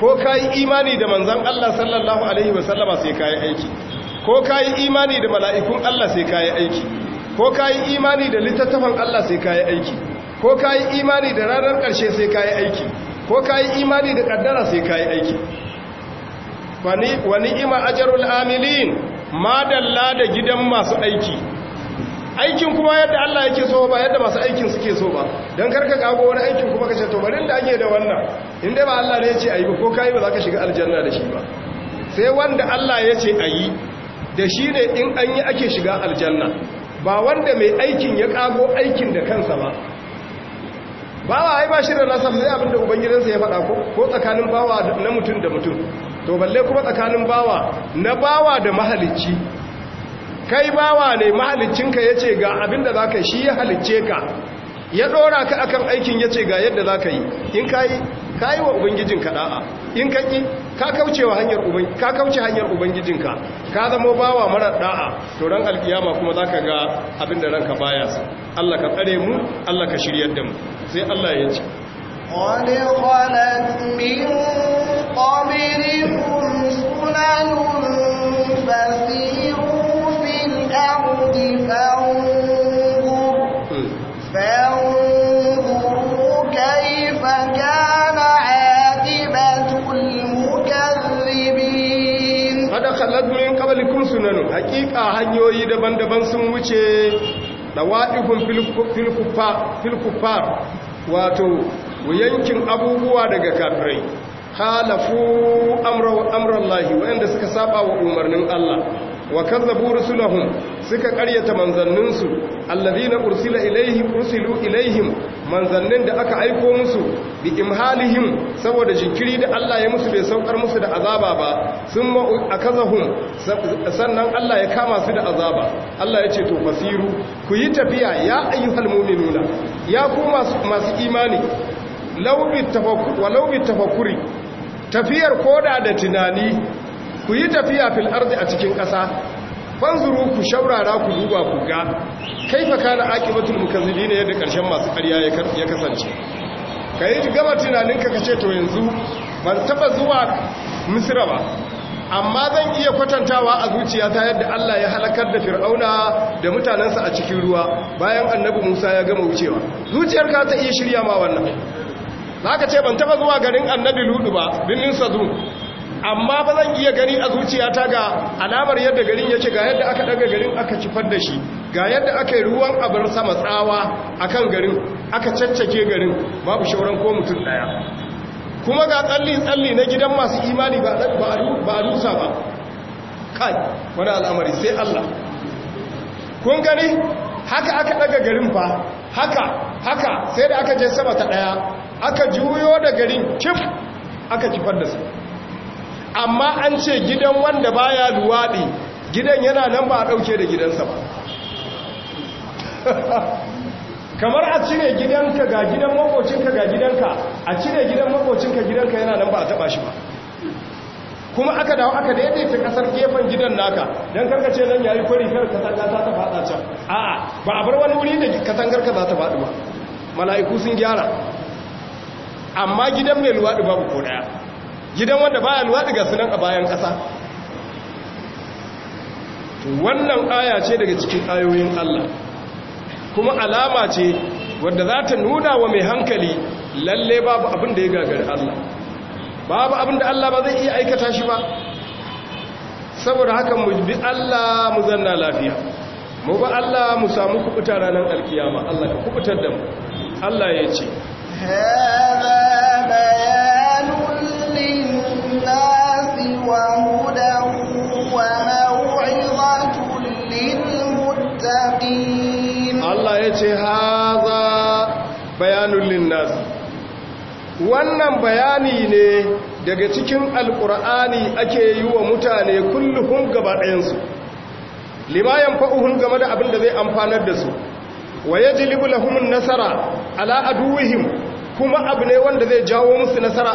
ko kai imani da manzon Allah sallallahu alaihi wasallama sai kai aiki ko kai imani da mala'ikun Allah sai kai aiki ko kai imani da littattafan Allah sai kai aiki ko kai imani da ranar ƙarshe sai kai aiki ko ka yi imani da kaddara sai ka yi aiki wani ima ajarul amilin ma dalla da gidan masu aiki aikin kuma yadda Allah yake so ba yadda masu aikin suke so ba don karka kago wani aikin kuma kashe to barin da ake da wannan inda ba Allah ne ya ce a yi ba ko ka yi ba za ka shiga aljanna da shi ba sai wanda Allah ya ce a yi da shi ne in an yi ake shiga aljanna ba wanda mai aikin ya kago aikin da kansa ba bawa ai ba shi da nasa sai abin da ubangidansa ya faɗa ko ko tsakanin bawa na mutum da mutum to balle kuma tsakanin bawa na bawa da mahalicci kai bawa ne mahaliccinka ya ce ga abin da za ka shi ya halicce ka ya ɗora ka akan aikin ya ce ga yadda za ka yi in ka yi ka yi wa ubangijinka da'a in ka ƙi ka kauce hanyar ka kauce hanyar ubangijinka ka zama bawa marar ɗa'a, to ran alkiyama kuma za ka ga abin da ranka baya sa Allah ka tsare mu Allah ka shiryar da mu sai Allah ya ce hakika hanyoyi daban-daban sun wuce da waɗihun filkufar wato yankin abubuwa daga kafirai halafu amuran lahi waɗanda suka saba wa umarnin Allah wa kazzabu rusulahum suka ƙaryata manzanninsu allazina ursila ilaihim ursilu ilaihim manzannin da aka aiko musu bi imhalihim saboda jinkiri da Allah ya musu bai saukar musu da azaba ba sun akazahum sannan Allah ya kama su da azaba Allah ya ce to fasiru ku yi tafiya ya ayyuhal mu'minuna ya ku masu imani wa bi tafakkuri tafiyar koda da tunani ku yi tafiya fil ardi a cikin ƙasa fanzuru ku shaurara ku duba ku ga fa kana aqibatul mukazzibin yadda karshen masu ƙarya ya kasance kai gaba tunanin ka kace to yanzu ban taba zuwa misra ba amma zan iya kwatantawa a zuciya ta yadda Allah ya halakar da fir'auna da mutanensa a cikin ruwa bayan annabi Musa ya gama wucewa ka ta iya shirya ma wannan zaka ce ban taba zuwa garin annabi Ludu ba binnin Sadun amma ba zan iya gani a zuciyata ga alamar yadda garin yake ga yadda aka daga garin aka cifar da shi ga yadda aka yi ruwan abin sama tsawa a kan garin aka caccake garin babu shauran ko mutum daya kuma ga tsalli-tsalli na gidan masu imani ba a rusa ba kai wani al'amari sai Allah kun gani haka aka daga garin fa haka haka sai da aka je sama ta daya aka juyo da garin kif aka cifar da su amma an ce gidan wanda baya luwaɗi gidan yana nan ba a ɗauke da gidansa ba kamar a cire gidanka ga gidan makocinka ga gidanka a cire gidan makocinka gidanka yana nan ba a taɓa shi ba kuma aka dawo aka daidaita kasar gefen gidan naka don karkace nan yayi kwari kar katanga za ta faɗa can a'a ba a bar wani wuri da katangar ka za ta faɗi ba mala'iku sun gyara amma gidan mai luwaɗi babu ko daya gidan wanda baya luwaɗi ga sunan a bayan ƙasa wannan aya ce daga cikin ayoyin Allah kuma alama ce wadda za ta nuna wa mai hankali lalle babu abin da ya gagari Allah babu abin da Allah ba zai iya aikata shi ba saboda haka mu bi Allah mu zanna lafiya mu ba Allah mu samu kubuta ranar alkiyama Allah ka kubutar da mu Allah ya ce هذا بيان Allah ya ce للمتقين الله يتي wannan bayani ne daga cikin alkur'ani ake yi wa mutane kullum gaba ɗayansu limayan fa'uhun game da abin da zai amfanar da su wa ya ji nasara ala aduwihim kuma abu ne wanda zai jawo musu nasara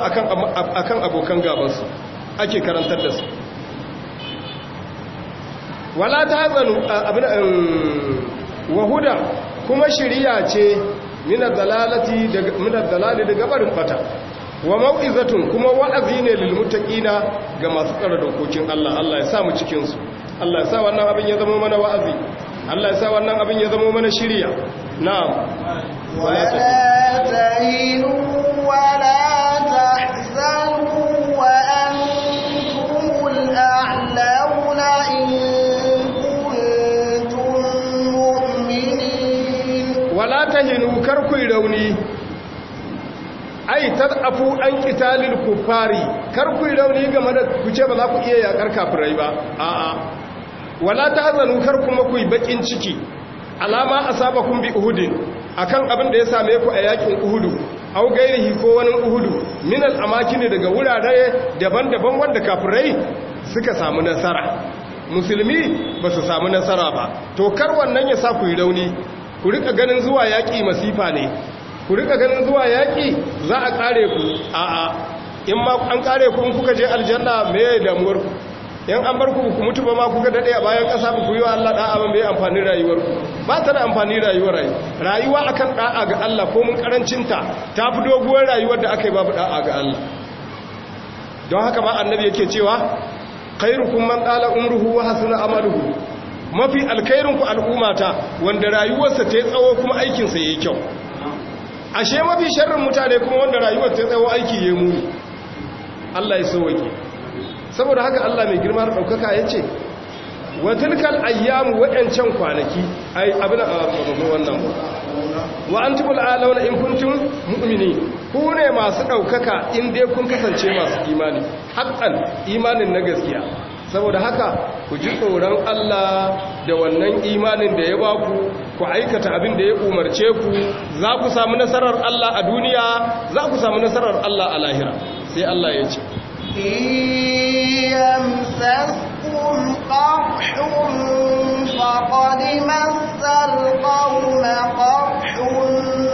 akan abokan gabansu ake karantar da su wala ta hatsanu abin um, wahuda kuma shirya ce minar dalali daga barin fata wa mau'izatun kuma wa'azi ne lilmuttaqina ga masu tsara dokokin Allah Allah ya sa mu cikin su Allah ya sa wannan abin ya zama mana wa'azi Allah ya sa wannan abin ya zama mana shiriya نعم wala تهينوا ولا tahzanu wa antumul a'launa in kuntum mu'minin wala tahinu karku rauni ai tadafu an kufari rauni game da kuce ba za ku iya yakar kafirai ba a'a wala ta tahzanu kar kuma ku yi bakin ciki alama asabakum bi uhudin akan abin da ya same ku a yakin uhudu au gairihi ko wani uhudu min ne daga wurare daban-daban wanda kafirai suka samu nasara musulmi ba su samu nasara ba to kar wannan ya sa ku yi rauni ku rika ganin zuwa yaƙi masifa ne ku rika ganin zuwa yaƙi za a kare ku a'a in ma an kare ku in kuka je aljanna me damuwar ku yan an bar ku ku mutu ba ma kuka dade a bayan ƙasa ku yi wa Allah da'a ba me amfanin rayuwar ku ba ta da amfani rayuwa rayuwa rayuwa akan da'a ga Allah ko mun karancinta ta fi doguwar rayuwar da aka yi babu da'a ga Allah don haka ba annabi yake cewa kun man qala umruhu wa hasuna amaluhu mafi alkhairin ku al'ummata wanda rayuwarsa ta yi tsawo kuma aikinsa ya yi kyau ashe mafi sharrin mutane kuma wanda rayuwar ta yi tsawo aiki ya muni Allah ya sauwake saboda haka Allah mai girma da ɗaukaka ya ce wa ayyam ayyamu wa'ancan kwanaki ai ah, abin wannan wa antumul alawna in kuntum mu'mini ku ne masu daukaka in dai kun kasance masu imani haqqan imanin na gaskiya saboda haka ku ji tsoron Allah da wannan imanin da ya baku ku aikata abin da ya umarce ku za ku samu nasarar Allah a duniya za ku samu nasarar Allah a lahira sai Allah ya ce يصبكم قرح فقد مس القوم قرح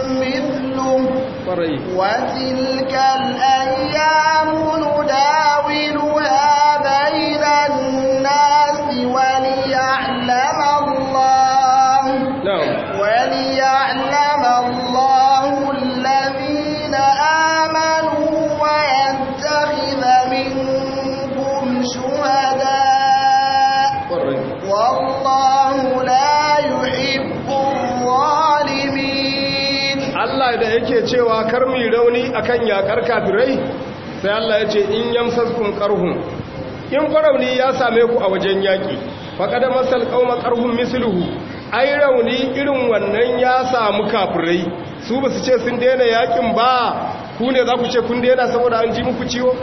مثله وتلك الأيام نداولها بين الناس وليعلم الله cewa kar mu rauni akan yakar kafirai sai Allah ya ce in yamsaskum qarhum in qarauni ya same ku a wajen yaki faqad masal qauma qarhum misluhu ai rauni irin wannan ya samu kafirai su ba su ce sun daina yakin ba ku ne za ku ce kun daina saboda an ji muku ciwo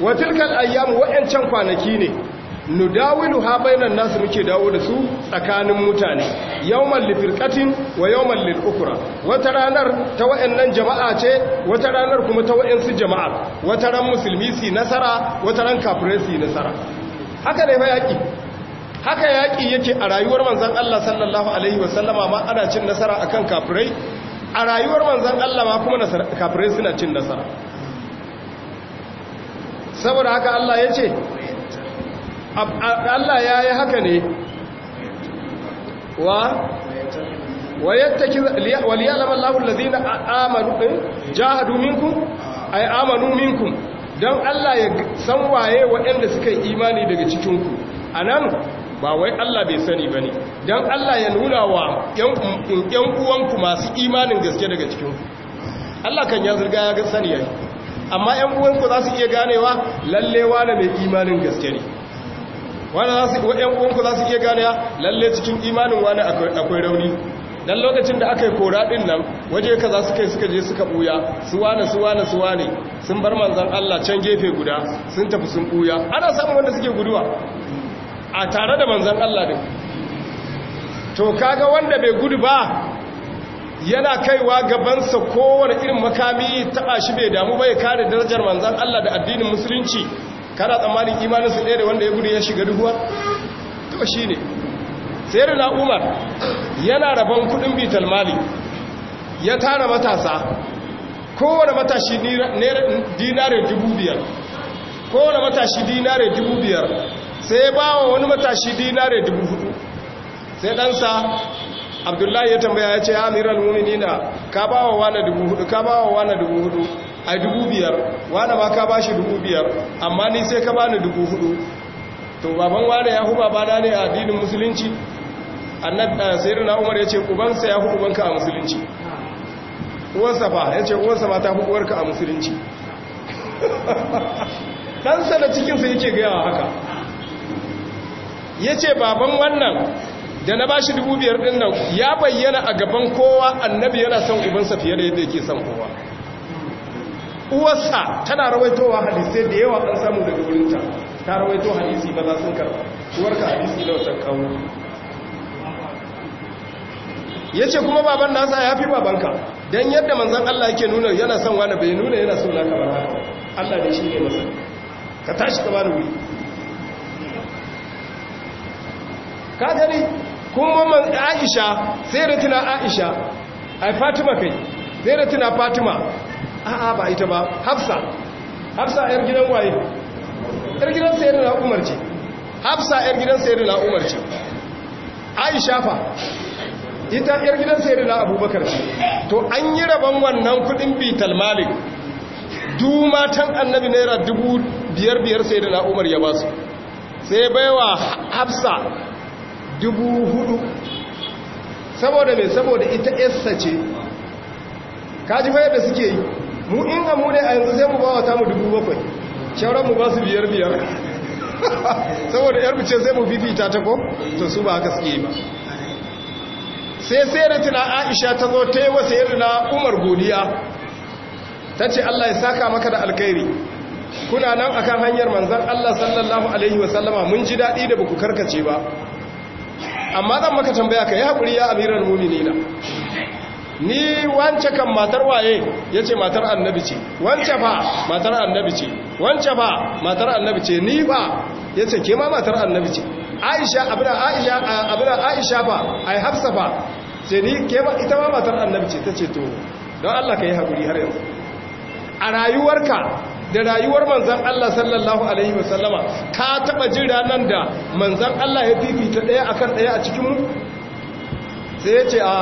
wa tilkal ayyam wa'ancan kwanaki ne Nu dawilu ha bainan nasu muke dawo da su tsakanin mutane yawmal lifirqatin wa yawmal lilukra wata ranar ta wayannan jama'a ce wata ranar kuma ta wayansu jama'a wata ran musulmi si nasara wata ran kafire si nasara haka ne fa yaki haka yaki yake a rayuwar manzon Allah sallallahu alaihi wasallama ma ana cin nasara akan kafire a rayuwar manzon Allah ma kuma kafire suna cin nasara saboda haka Allah ya ce Allah ya yi haka ne wa wayattaki waliyalama Allahu allazina amanu eh, jahadu minkum ay amanu minkum dan Allah ya san waye waɗanda suka yi imani daga cikin ku anan ba wai Allah bai sani bane dan Allah ya nuna wa yan uwanku masu imanin gaske daga cikin ku Allah kan ya zurga ya ga sani amma yan uwanku za su iya ganewa lallewa na mai imanin gaske ne wani su uwanku za su iya gane lalle cikin imanin wani akwai rauni Don lokacin da aka yi kora din nan waje ka za su kai suka je suka buya su wane su wane su wane sun bar manzan Allah can gefe guda sun tafi sun buya ana samun wanda suke guduwa a tare da manzan Allah din to kaga wanda bai gudu ba yana kaiwa gabansa kowane irin makami taɓa shi bai damu bai kare darajar manzan Allah da addinin musulunci kana tsammanin imaninsu ɗaya da wanda ya gudu ya shiga duhuwa to shi ne sai da umar yana rabon kudin bitar mali ya tara matasa kowane matashi dinare dubu biyar kowane matashi dinare dubu biyar sai ba wa wani matashi dinare dubu hudu sai ɗansa abdullahi ya tambaya ya ce ya amiral muminina ka ba wa wane dubu hudu ka ba wa wane dubu hudu a dubu biyar wane ma ka ba shi dubu biyar amma ni sai ka ba ni dubu hudu to baban wane ya hu babana ne a addinin musulunci eh, sayar na umar ya ce ubansa ya hu ubanka a musulunci uwansa ba ya ce uwansa ba ta hu ka a musulunci ɗansa da cikinsa yake gayawa haka ya ce baban wannan da na ba shi dubu biyar ɗin nan ya bayyana a gaban kowa annabi yana son ubansa fiye da yadda yake son kowa uwarsa tana rawaitowa hadisai da yawa an samu daga wurinta ta rawaito hadisi ba za sun karba uwarka hadisi na wata kawo ya ce kuma baban nasa ya fi babanka don yadda manzan Allah yake nuna yana son wani bai nuna yana son naka ba Allah ne shi ne masu ka tashi ka bani wuri ka gani kuma man Aisha sai da tuna Aisha ai Fatima kai sai da tuna Fatima a'a ba ita ba hafsa hafsa yar gidan waye yar gidan sayyidina umar ce hafsa yar gidan sayyidina umar ce aisha fa ita yar gidan sayyidina abubakar ce to an yi rabon wannan kudin bital malik du matan annabi naira dubu biyar biyar sayyidina umar ya basu sai baiwa hafsa dubu hudu saboda mai saboda ita yassa ce kaji fa da suke yi mu in amu ne a yanzu sai mu bawa ta mu dubu bakwai shauran mu ba su biyar biyar saboda yar ce sai mu fifita ta ko to su ba haka suke ba sai sai da tuna aisha ta zo ta yi wasa yadda na umar godiya ta ce allah ya saka maka da alkhairi kuna nan akan hanyar manzan allah sallallahu alaihi wasallama mun ji daɗi da ba karkace ba amma zan maka tambaya ka yi haƙuri ya amirar nina. ni wance kan matar waye ya ce matar annabi ce wance fa matar annabi ce wance fa matar annabi ce ni ba ya ce ke ma matar annabi ce aisha abin aisha abin aisha ba ai hafsa ba ce ni ke ma ita ma matar annabi ce ta ce to don Allah ka yi haƙuri har yanzu a rayuwarka da rayuwar manzan Allah sallallahu Alaihi wasallama ka taɓa jin ranar da manzan Allah ya fifita ɗaya akan ɗaya a cikinmu sai ya ce a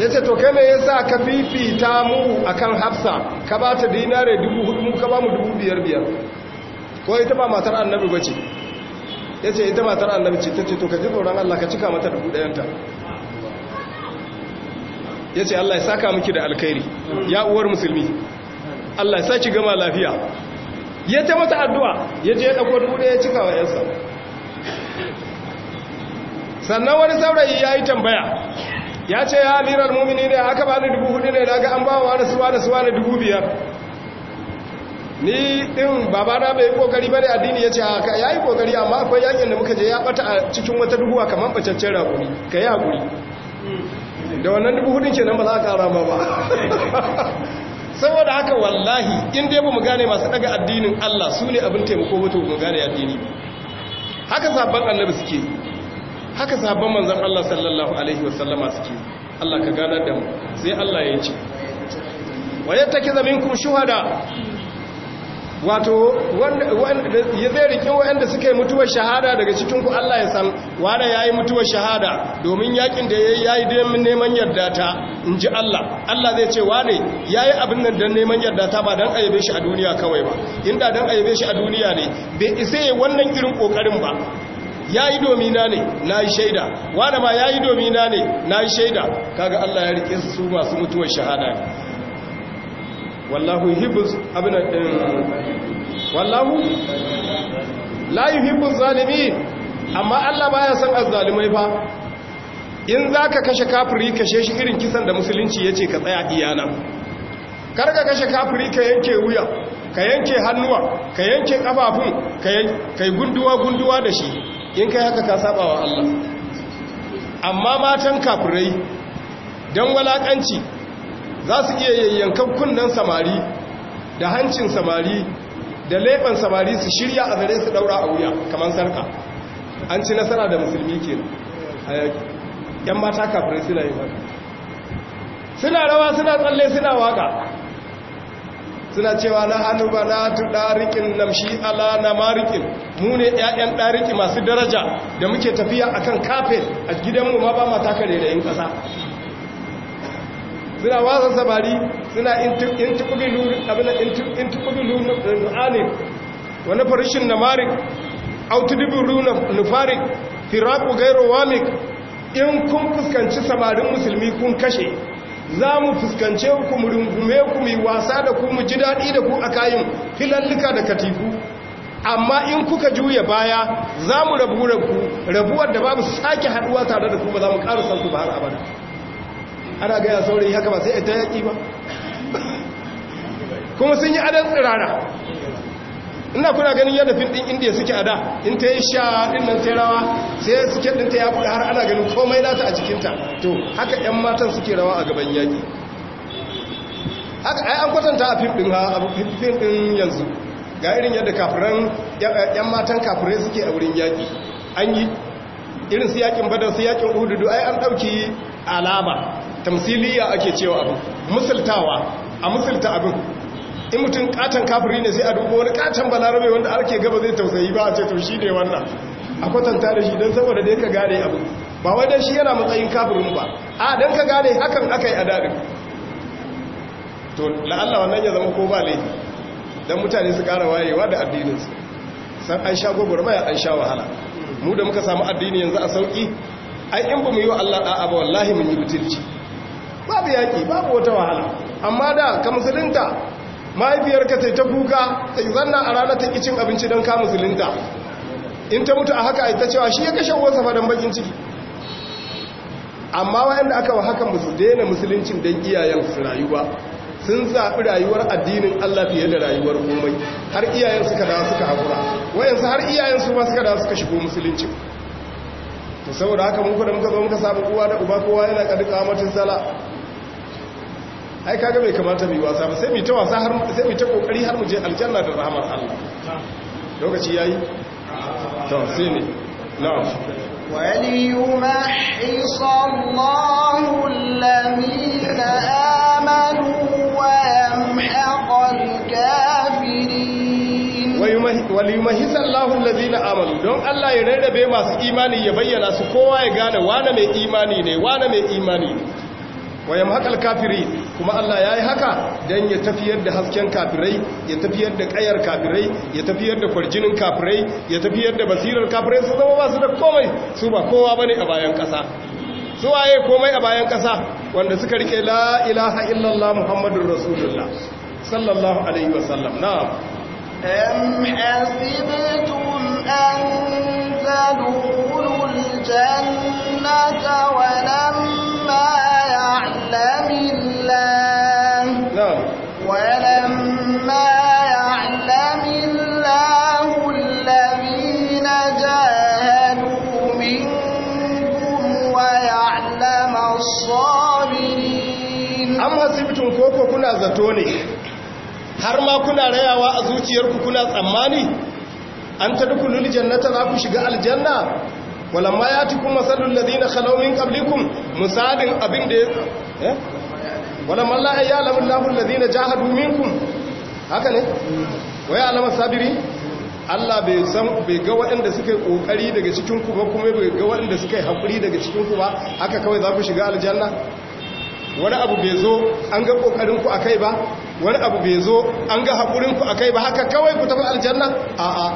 ya ce to kai ne ya sa ka fifita mu a kan hafsa ka ba ta dinare dubu hudu mu ka ba mu dubu biyar biyar ko ita ba matar annabi ba ce ya ce ita matar annabi ce ta ce to ka ji tsoron allah ka cika mata dubu ɗayanta ya ce allah ya saka miki da alkhairi ya uwar musulmi allah ya sa ki gama lafiya ya ta mata addu'a ya je ya ɗauko dubu ɗaya ya cika wa yansa sannan wani saurayi ya yi tambaya ya ce ya amirar mumini ne aka ba ni dubu hudu ne daga an ba wa da suwa na dubu biyar ni din babana bai yi kokari bane addini ya ce haka ya yi kokari amma akwai yakin da muka je ya bata a cikin wata duhuwa kamar bacaccen ka yi haƙuri. da wannan dubu hudun kenan ba za ka rama ba saboda haka wallahi in dai ba mu gane masu daga addinin Allah su ne abin taimako mutu mu gane addini haka sabon annabi suke haka sabon manzan Allah sallallahu alaihi wasallama suke Allah ka gada da mu sai Allah ya ce wa yattakiza kun shuhada wato ya zai rikin waɗanda suka yi mutuwar shahada daga cikinku Allah ya san wane ya yi mutuwar shahada domin yakin da ya yi don neman yarda ta in ji Allah Allah zai ce wane ya yi abin nan don neman yarda ta ba don ayyabe shi a duniya kawai ba inda dan ayyabe shi a duniya ne bai isa yi wannan irin ƙoƙarin ba ya yi domina ne na yi shaida wane ma ya yi domina ne na yi shaida kaga Allah ya rike su masu mutuwar shahada wallahu hibbus abin eh, wallahu la yuhibbuz zalimin amma Allah baya son azalimai fa in za ka kashe kafiri kashe shi irin kisan da musulunci yace ka tsaya iyana karka kashe kafiri ka yanke wuya ka yanke hannuwa ka yanke kafafun ka yi gunduwa gunduwa da shi in kai haka ka saba wa Allah amma matan kafirai don walakanci za su iya yayyankan kunnen samari da hancin samari da laifin samari su shirya a zare su daura a wuya kamar sarka an ci nasara da musulmi ke yan mata kafirai suna yi haka suna rawa suna tsalle suna waka suna cewa na hannu ba na tu ɗarikin namshi ala na marikin mu ne 'ya'yan ɗariki masu daraja da muke tafiya akan kafet a gidanmu ma ba mata kare da ‘yan ƙasa suna wasa sabari suna intukubilu nu'anin wani farishin na marik na nufarik firaku gairo wamik in kun fuskanci samarin musulmi kun kashe za mu fuskance ku mu rungume ku mu wasa da ku mu ji daɗi da ku a kayan filallika da katifu amma in kuka juya baya za mu rabu rabu rabuwar da babu sake haɗuwa tare da ku ba za mu ƙara san ku ba har abada ana gaya saurayi haka ba sai a ta yaƙi ba kuma sun yi adan tsirara ina kuna ganin yadda fin din indiya suke a da in ta yi sha din nan ta rawa sai suke din ta ya kuɗa har ana ganin komai lati a cikinta to haka 'yan matan suke rawa a gaban yaƙi haka ai an kwatanta a fim din ha din yanzu ga irin yadda kafiran 'yan matan kafirai suke a wurin yaƙi an yi irin su yaƙin badar su yaƙin hududu ai an ɗauki alama tamsiliya ake cewa abu musultawa a musulta abin in mutum katon kafiri ne sai a dubu wani katon balarabe wanda ake gaba zai tausayi ba a ce to shi ne wannan a kwatanta da shi don saboda dai ka gane abu ba wai shi yana matsayin kafirin ba a dan ka gane hakan yi a dadin to la'alla wannan ya zama ko ba laifi dan mutane su ƙara wayewa da addininsu san an sha gwagwarmaya an sha wahala mu da muka samu addini yanzu a sauki ai in ba mu yi wa Allah da'a ba wallahi mun yi butulci babu yaki babu wata wahala amma da ka musulunta mahaifiyarka ta ta kuka ta zanna a ranar ta kicin abinci don ka zulinta in ta mutu a haka ita cewa shi ya kashe wasa fadan bakin ciki amma wa'anda aka wa haka musu daina musuluncin don iyayen su rayuwa sun zaɓi rayuwar addinin Allah fiye da rayuwar komai har iyayen suka da suka haƙura wayansu har iyayen su ma suka da suka shigo musuluncin saboda haka mun da muka zo muka samu uwa da uba kowa yana kaduka matin sala ai kaga bai kamata mu yi wasa ba sai mu ta wasa har sai mu ta kokari har mu je aljanna da rahmar Allah lokaci yayi to sai ne na'am wa yuma hisallahu alladhina amanu wa yamhaqal kafirin wa yuma Allahu alladhina amanu don Allah ya rarrabe masu imani ya bayyana su kowa ya gane wane mai imani ne wane mai imani ne wa yamhaqal kafiri kuma Allah ya yi haka don ya tafiyar da hasken kafirai ya tafiyar da ƙayar kafirai ya tafiyar da kwarjinin kafirai ya tafiyar da basirar kafirai su zama masu da komai su ba kowa bane a bayan kasa su waye komai a bayan ƙasa wanda suka rike la ilaha illallah muhammadun rasulullah sallallahu alaihi wasallam كلام الله نعم ولما يعلم الله الذين har ma kuna rayawa a zuciyarku kuna tsammani an ta dukulul jannata za ku shiga aljanna walamma ya ci kuma sallun lazina min qablikum musadin abin da Eh? wala malla ya ya'lamu Allahu alladhina jahadu minkum haka ne wa ya'lamu sabiri Allah bai san bai ga waɗanda suka yi ƙoƙari daga cikin ku ba kuma bai ga waɗanda suka yi haƙuri daga cikin ku ba haka kawai za ku shiga aljanna wani abu bai zo an ga ƙoƙarinku ku kai ba wani abu bai zo an ga haƙurinku ku kai ba haka kawai ku tafi aljanna a'a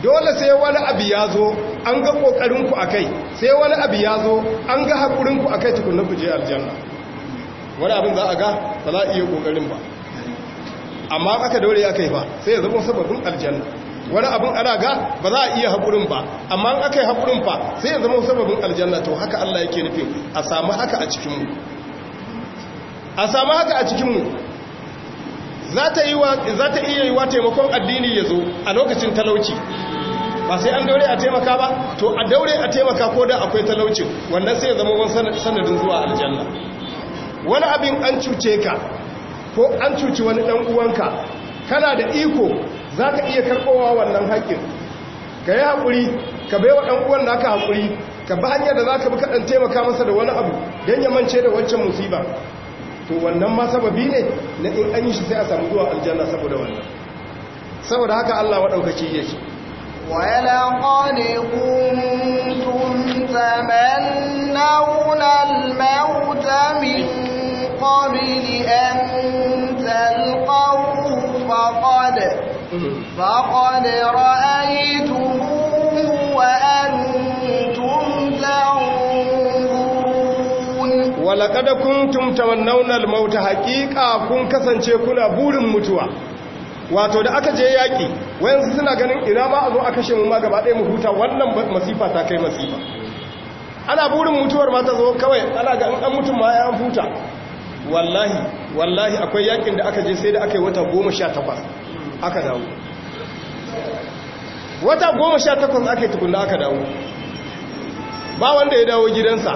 dole sai wani abu ya zo an ga ƙoƙarinku ku kai sai wani abu ya zo an ga haƙurinku ku kai tukunan ku je aljanna wani abin za a ga ba za a iya ƙoƙarin ba amma aka daure ya kai ba sai ya zama sababin aljanna wani abin ana ga ba za a iya haƙurin ba amma aka yi haƙurin ba sai ya zama sababin aljanna to haka Allah yake nufin a samu haka a cikinmu a samu haka a cikinmu za ta iya yi wa taimakon addini ya zo a lokacin talauci ba sai an daure a taimaka ba to a daure a taimaka ko da akwai talaucin wannan sai ya zama wani sanadin zuwa aljanna wani abin an cuce ka ko an cuci wani ɗan uwanka kana da iko za ka iya karɓowa wannan haƙƙin ka yi haƙuri ka bai wa ɗan uwan naka haƙuri ka ba hanyar da za ka bi kaɗan taimaka masa da wani abu don ya mance da wancan musiba to wannan ma sababi ne na in an yi shi sai a samu zuwa aljanna saboda wannan saboda haka allah waɗaukaci ya ce ولقد تمنون الموت من قبل أن تلقوه فقد فقد رأيته وأنتم تنظرون ولقد كنتم تمنون الموت حقيقة كن كسن شكونا بور متوى wato da aka je yaƙi wayansu suna ganin ina ma a zo a kashe mu ma gaba ɗaya mu huta wannan masifa ta kai masifa ana burin mutuwar ma ta zo kawai ana ga an mutum ma ya huta wallahi wallahi akwai yakin da aka je sai da aka yi wata goma sha takwas aka dawo wata goma sha takwas aka yi tukunda aka dawo ba wanda ya dawo gidansa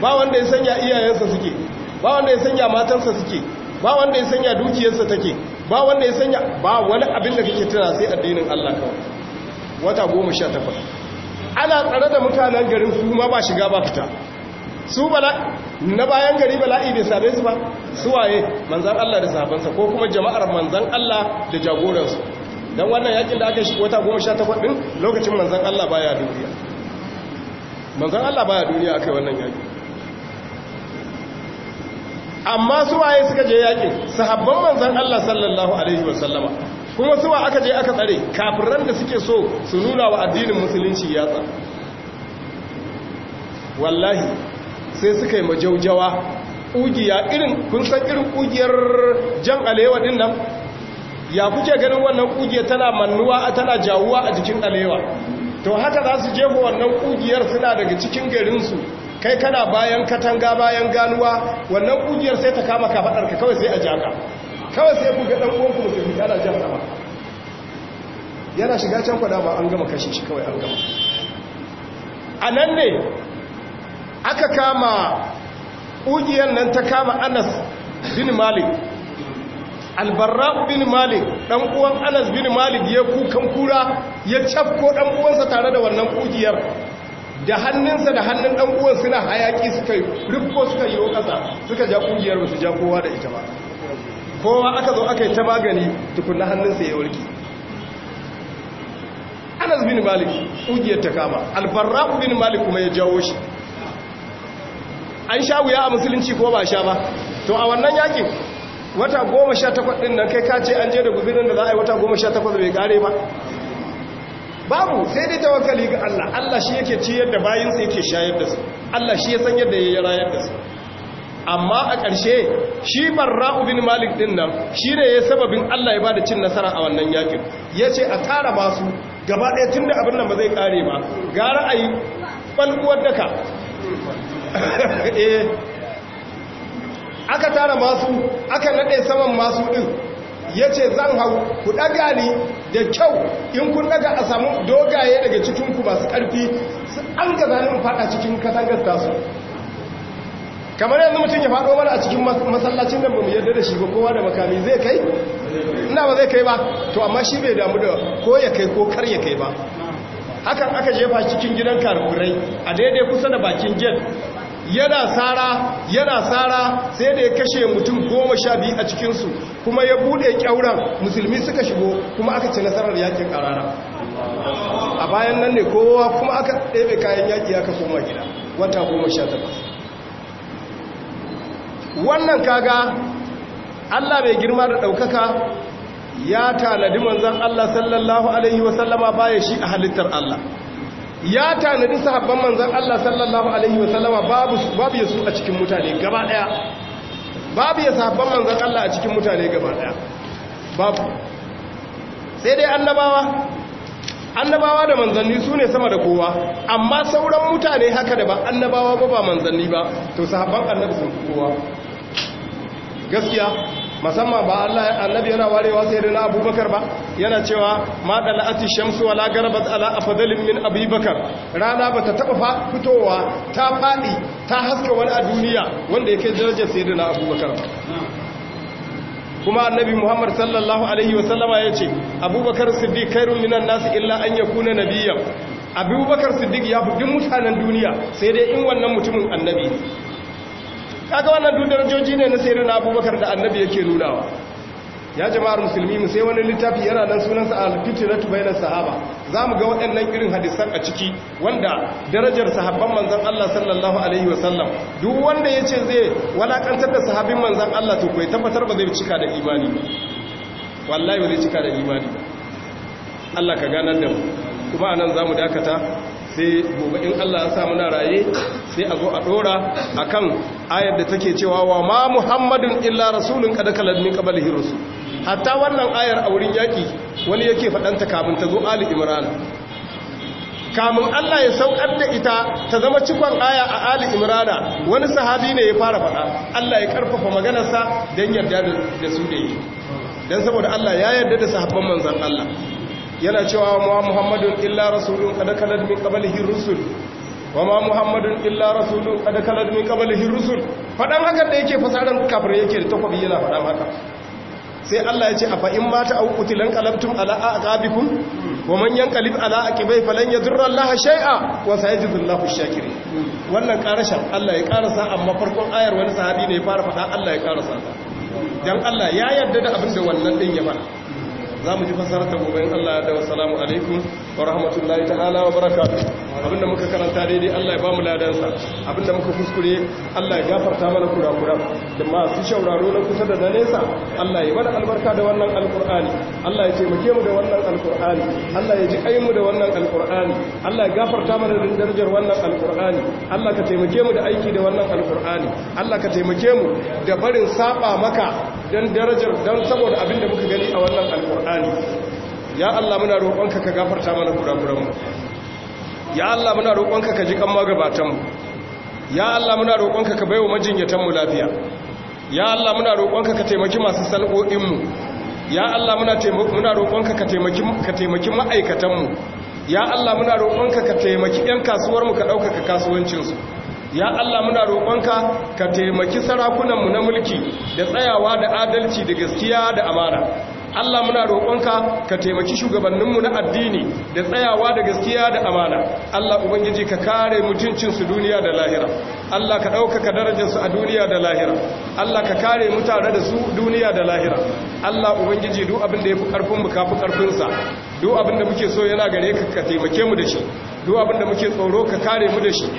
ba wanda ya sanya iyayensa suke ba wanda ya sanya matansa suke ba wanda ya sanya dukiyarsa take ba wanda ya sanya ba wani abin da kake tana sai addinin Allah kawai wata goma sha takwas ana tsare da mutanen garin su ma ba shiga ba fita su bala na bayan gari bala'i bai same su ba su waye manzan Allah da sahabansa ko kuma jama'ar manzan Allah da jagoransu don wannan yakin da aka shi wata goma sha takwas ɗin lokacin manzan Allah baya duniya manzan Allah baya duniya aka yi wannan yakin amma su waye suka je yakin sahabban manzan Allah sallallahu alaihi wasallama kuma suwa aka je aka tsare kafiran da suke so su nuna wa addinin musulunci yatsa wallahi sai suka yi majaujawa ƙugiya irin kun san irin ƙugiyar jan alewa din nan ya kuke ganin wannan ƙugiyar tana mannuwa tana jawuwa a jikin alewa to haka za su jefa wannan ƙugiyar suna daga cikin garinsu kai kana bayan katanga bayan ganuwa wannan ƙugiyar sai ta kama ka kawai sai a jaka kawai sai ku ga ɗan uwanku musulmi tana jan sama yana shiga can kwada ba an gama kashe shi kawai an gama a nan ne aka kama ƙugiyar nan ta kama anas bin malik albarra bin malik ɗan uwan anas bin malik ya kukan kura ya cafko ɗan uwansa tare da wannan ƙugiyar da hannunsa da hannun ɗan uwan suna hayaki suka yi rufko suka yi ƙasa suka ja ƙungiyar ba su ja kowa da ita ba kowa aka zo aka yi ta magani tukunna hannunsa ya warki anas bin malik ƙungiyar ta kama albarra bin malik kuma ya jawo shi an sha wuya a musulunci ko ba sha ba to a wannan yakin wata goma sha takwas nan kai kace an je da guzurin da za a yi wata goma sha takwas bai kare ba babu sai dai tawakali ga Allah Allah shi yake ciyar da bayinsa yake shayar da su Allah shi ya san yadda ya rayar da su amma a ƙarshe shi barra'u bin malik din nan shi ne ya sababin Allah ya bada cin nasara a wannan yakin ya ce a tara masu gaba ɗaya tun da abin nan ba zai kare ba gara a yi daka eh aka tara masu aka nade saman masu din yace zan hau ku daga ni da kyau in kun daga a samu dogaye daga cikin ku masu karfi an gaza ni fada cikin katangasta tasu kamar yanzu mutum ya fado mana a cikin masallacin da ba mu yarda da shi ba kowa da makami zai kai ina ba zai kai ba to amma shi bai damu da ko ya kai ko kar ya kai ba hakan aka jefa cikin gidan karburai a daidai kusa da bakin jet yana tsara yana tsara sai da ya kashe mutum goma sha biyu a cikinsu kuma ya bude kyauran musulmi suka shigo kuma aka ci nasarar yakin karara a bayan nan ne kowa kuma aka ɗebe kayan yaki aka koma gida wata goma sha takwas wannan kaga allah mai girma da ɗaukaka ya tanadi manzan allah sallallahu alaihi wasallama baya shi a halittar allah ya tanadi sahabban manzan Allah sallallahu alaihi wasallama babu babu yasu a cikin mutane gaba daya babu ya sahabban manzan Allah a cikin mutane gaba daya babu sai dai annabawa annabawa da manzanni su ne sama da kowa amma sauran mutane haka da ba annabawa ba ba manzanni ba to sahabban annabi sun kowa gaskiya musamman ba Allah annabi yana warewa sai da abubakar ba yana cewa ma la'aci shamsu wala garabat ala afdalin min abubakar rana bata taba fitowa ta fadi ta haska wani a duniya wanda yake darajar sayyidina abubakar kuma annabi muhammad sallallahu alaihi wasallama ya ce abubakar siddiq khairun minan nasi illa an yakuna nabiyyan abubakar siddiq ya fi duk mutanen duniya sai dai in wannan mutumin annabi ne kaga wannan duk darajoji ne na sayyidina abubakar da annabi yake nunawa ya jama'ar musulmi mu sai wani littafi yana nan sunansa al-fitratu bainas sahaba zamu ga waɗannan irin hadisan a ciki wanda darajar sahabban manzon Allah sallallahu alaihi wasallam duk wanda yace zai walakantar da sahabbin manzon Allah to kai tabbatar ba zai cika da imani wallahi ba zai cika da imani Allah ka ganar da mu kuma anan zamu dakata sai gobe in Allah ya sa muna raye sai a zo a dora akan ayar da take cewa wa ma muhammadin illa rasulun kada kalal min qablihi rusul hatta wannan ayar a wurin yaki wani yake fadanta kafin ta zo ali imran kamun Allah ya saukar da ita ta zama cikon aya a Ali Imrana wani sahabi ne ya fara faɗa Allah ya karfafa maganarsa don yarda da su da yi don saboda Allah ya yarda da sahabban manzon Allah yana cewa ma muhammadun illa rasulun qad kalat min qablihi rusul wa ma muhammadun illa rasulun qad kalat min qablihi rusul fadan hakan da yake fasaran kafir yake da takwabi yana fadan haka sai Allah ya ce afa in mata au qutilan qalabtum ala aqabikum wa man yanqalib ala aqibai falan yadurra Allah shay'a wa sayajidullahu ku shakirin wannan karashin Allah ya karasa amma farkon ayar wani sahabi ne ya fara fada Allah ya karasa dan Allah ya yarda da abin da wannan din ya bana za mu ji fasarta ta gobe in Allah dawo salamu alaikum wa rahmatullahi ta'ala wa barakatuh abinda muka karanta daidai Allah ya ba mu ladansa abinda muka kuskure Allah ya gafarta mana kura-kura da masu shauraro na kusa da nesa Allah ya bada albarka da wannan alkur'ani Allah ya taimake mu da wannan alkur'ani Allah ya ji mu da wannan alkur'ani Allah ya gafarta mana da darajar wannan alkur'ani Allah ka taimake mu da aiki da wannan alkur'ani Allah ka taimake mu da barin saba maka don darajar don saboda abin da muka gani a wannan alkur'ani ya Allah muna roƙonka ka gafarta mana kurakuranmu ya Allah muna roƙonka ka ji kan magabatanmu ya Allah muna roƙonka ka bai wa majinyatanmu lafiya ya Allah muna roƙonka ka taimaki masu sana'o'inmu ya Allah muna muna roƙonka ka taimaki ka taimaki ma'aikatanmu ya Allah muna roƙonka ka taimaki 'yan kasuwarmu ka ɗaukaka kasuwancinsu ya Allah muna roƙonka ka taimaki sarakunanmu na mulki da tsayawa da adalci da gaskiya da amana Allah muna roƙonka ka taimaki shugabanninmu na addini da tsayawa da gaskiya da amana Allah ubangiji ka kare mutuncinsu duniya da lahira Allah ka ɗaukaka darajarsu a duniya da lahira Allah ka kare mutane da su duniya da lahira Allah ubangiji duk abin da ya fi ƙarfinmu ka fi ƙarfinsa duk abin da muke so yana gare ka ka taimake mu da shi duk abin da muke tsoro ka kare mu da shi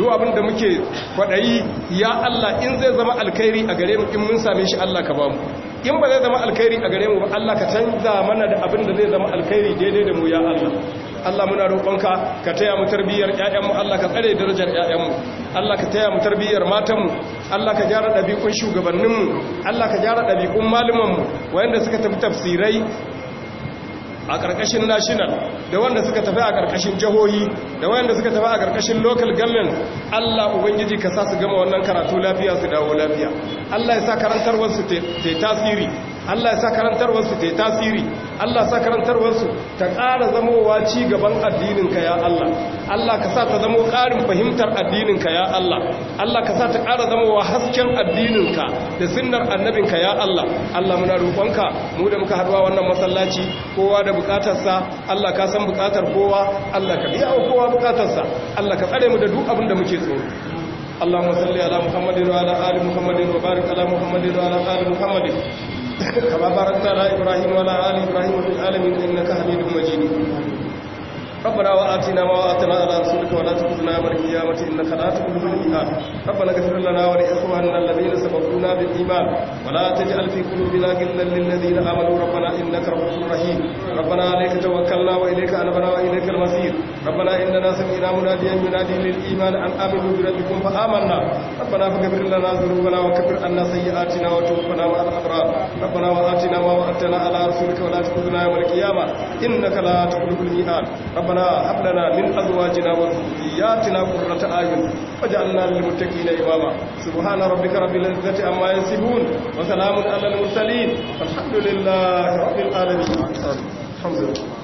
duk abin da muke kwaɗayi ya Allah in zai zama alkhairi a gare mu in mun same shi Allah ka ba mu in ba zai zama alkhairi a gare mu ba Allah ka canza mana da abin da zai zama alkhairi daidai da mu ya Allah Allah muna roƙonka ka taya mu tarbiyyar mu Allah ka tsare darajar mu Allah ka taya mu tarbiyyar mu Allah ka gyara ɗabi'un mu Allah ka gyara ɗabi'un mu wayanda suka tafi tafsirai a ƙarƙashin national da wanda suka tafi a ƙarƙashin jihohi da wanda suka tafi a ƙarƙashin local government Allah ubangiji ka sa su gama wannan karatu lafiya su dawo lafiya Allah ya sa karantarwar su ta tasiri Allah ya sa karantarwar su ta tasiri Allah ya sa karantarwar su ta ƙara zamowa ci gaban addinin ka ya Allah Allah ka sa ta zamo ƙarin fahimtar addinin ka ya Allah Allah ka sa ta ƙara zamowa hasken addinin ka da sunnar annabin ka ya Allah Allah muna roƙonka mu da muka haɗuwa wannan masallaci kowa da buƙatarsa Allah ka san kan bukatar kowa Allah ka biya wa kowa sa, Allah ka tsare mu da duk abin da muke tsoro Allahumma salli ربنا وآتنا ما وآتنا على رسولك ولا تخزنا يوم القيامة إنك لا تخلف الميعاد ربنا اغفر لنا ولإخواننا الذين سبقونا بالإيمان ولا تجعل في قلوبنا غلا للذين آمنوا ربنا إنك رؤوف رحيم ربنا عليك توكلنا وإليك أنبنا وإليك المصير ربنا إننا سمعنا مناديا ينادي للإيمان أن آمنوا بربكم فآمنا ربنا فاغفر لنا ذنوبنا وكفر عنا سيئاتنا وتوفنا مع الأبرار ربنا وآتنا ما وآتنا على رسولك ولا تخزنا يوم القيامة إنك لا تخلف الميعاد rabbana hab lana min azwajina wa dhurriyyatina qurrata a'yun waj'alna lil muttaqina imama subhana rabbika rabbil izzati amma yasifun wa salamun 'alal mursalin alhamdulillahi rabbil alamin alhamdulillah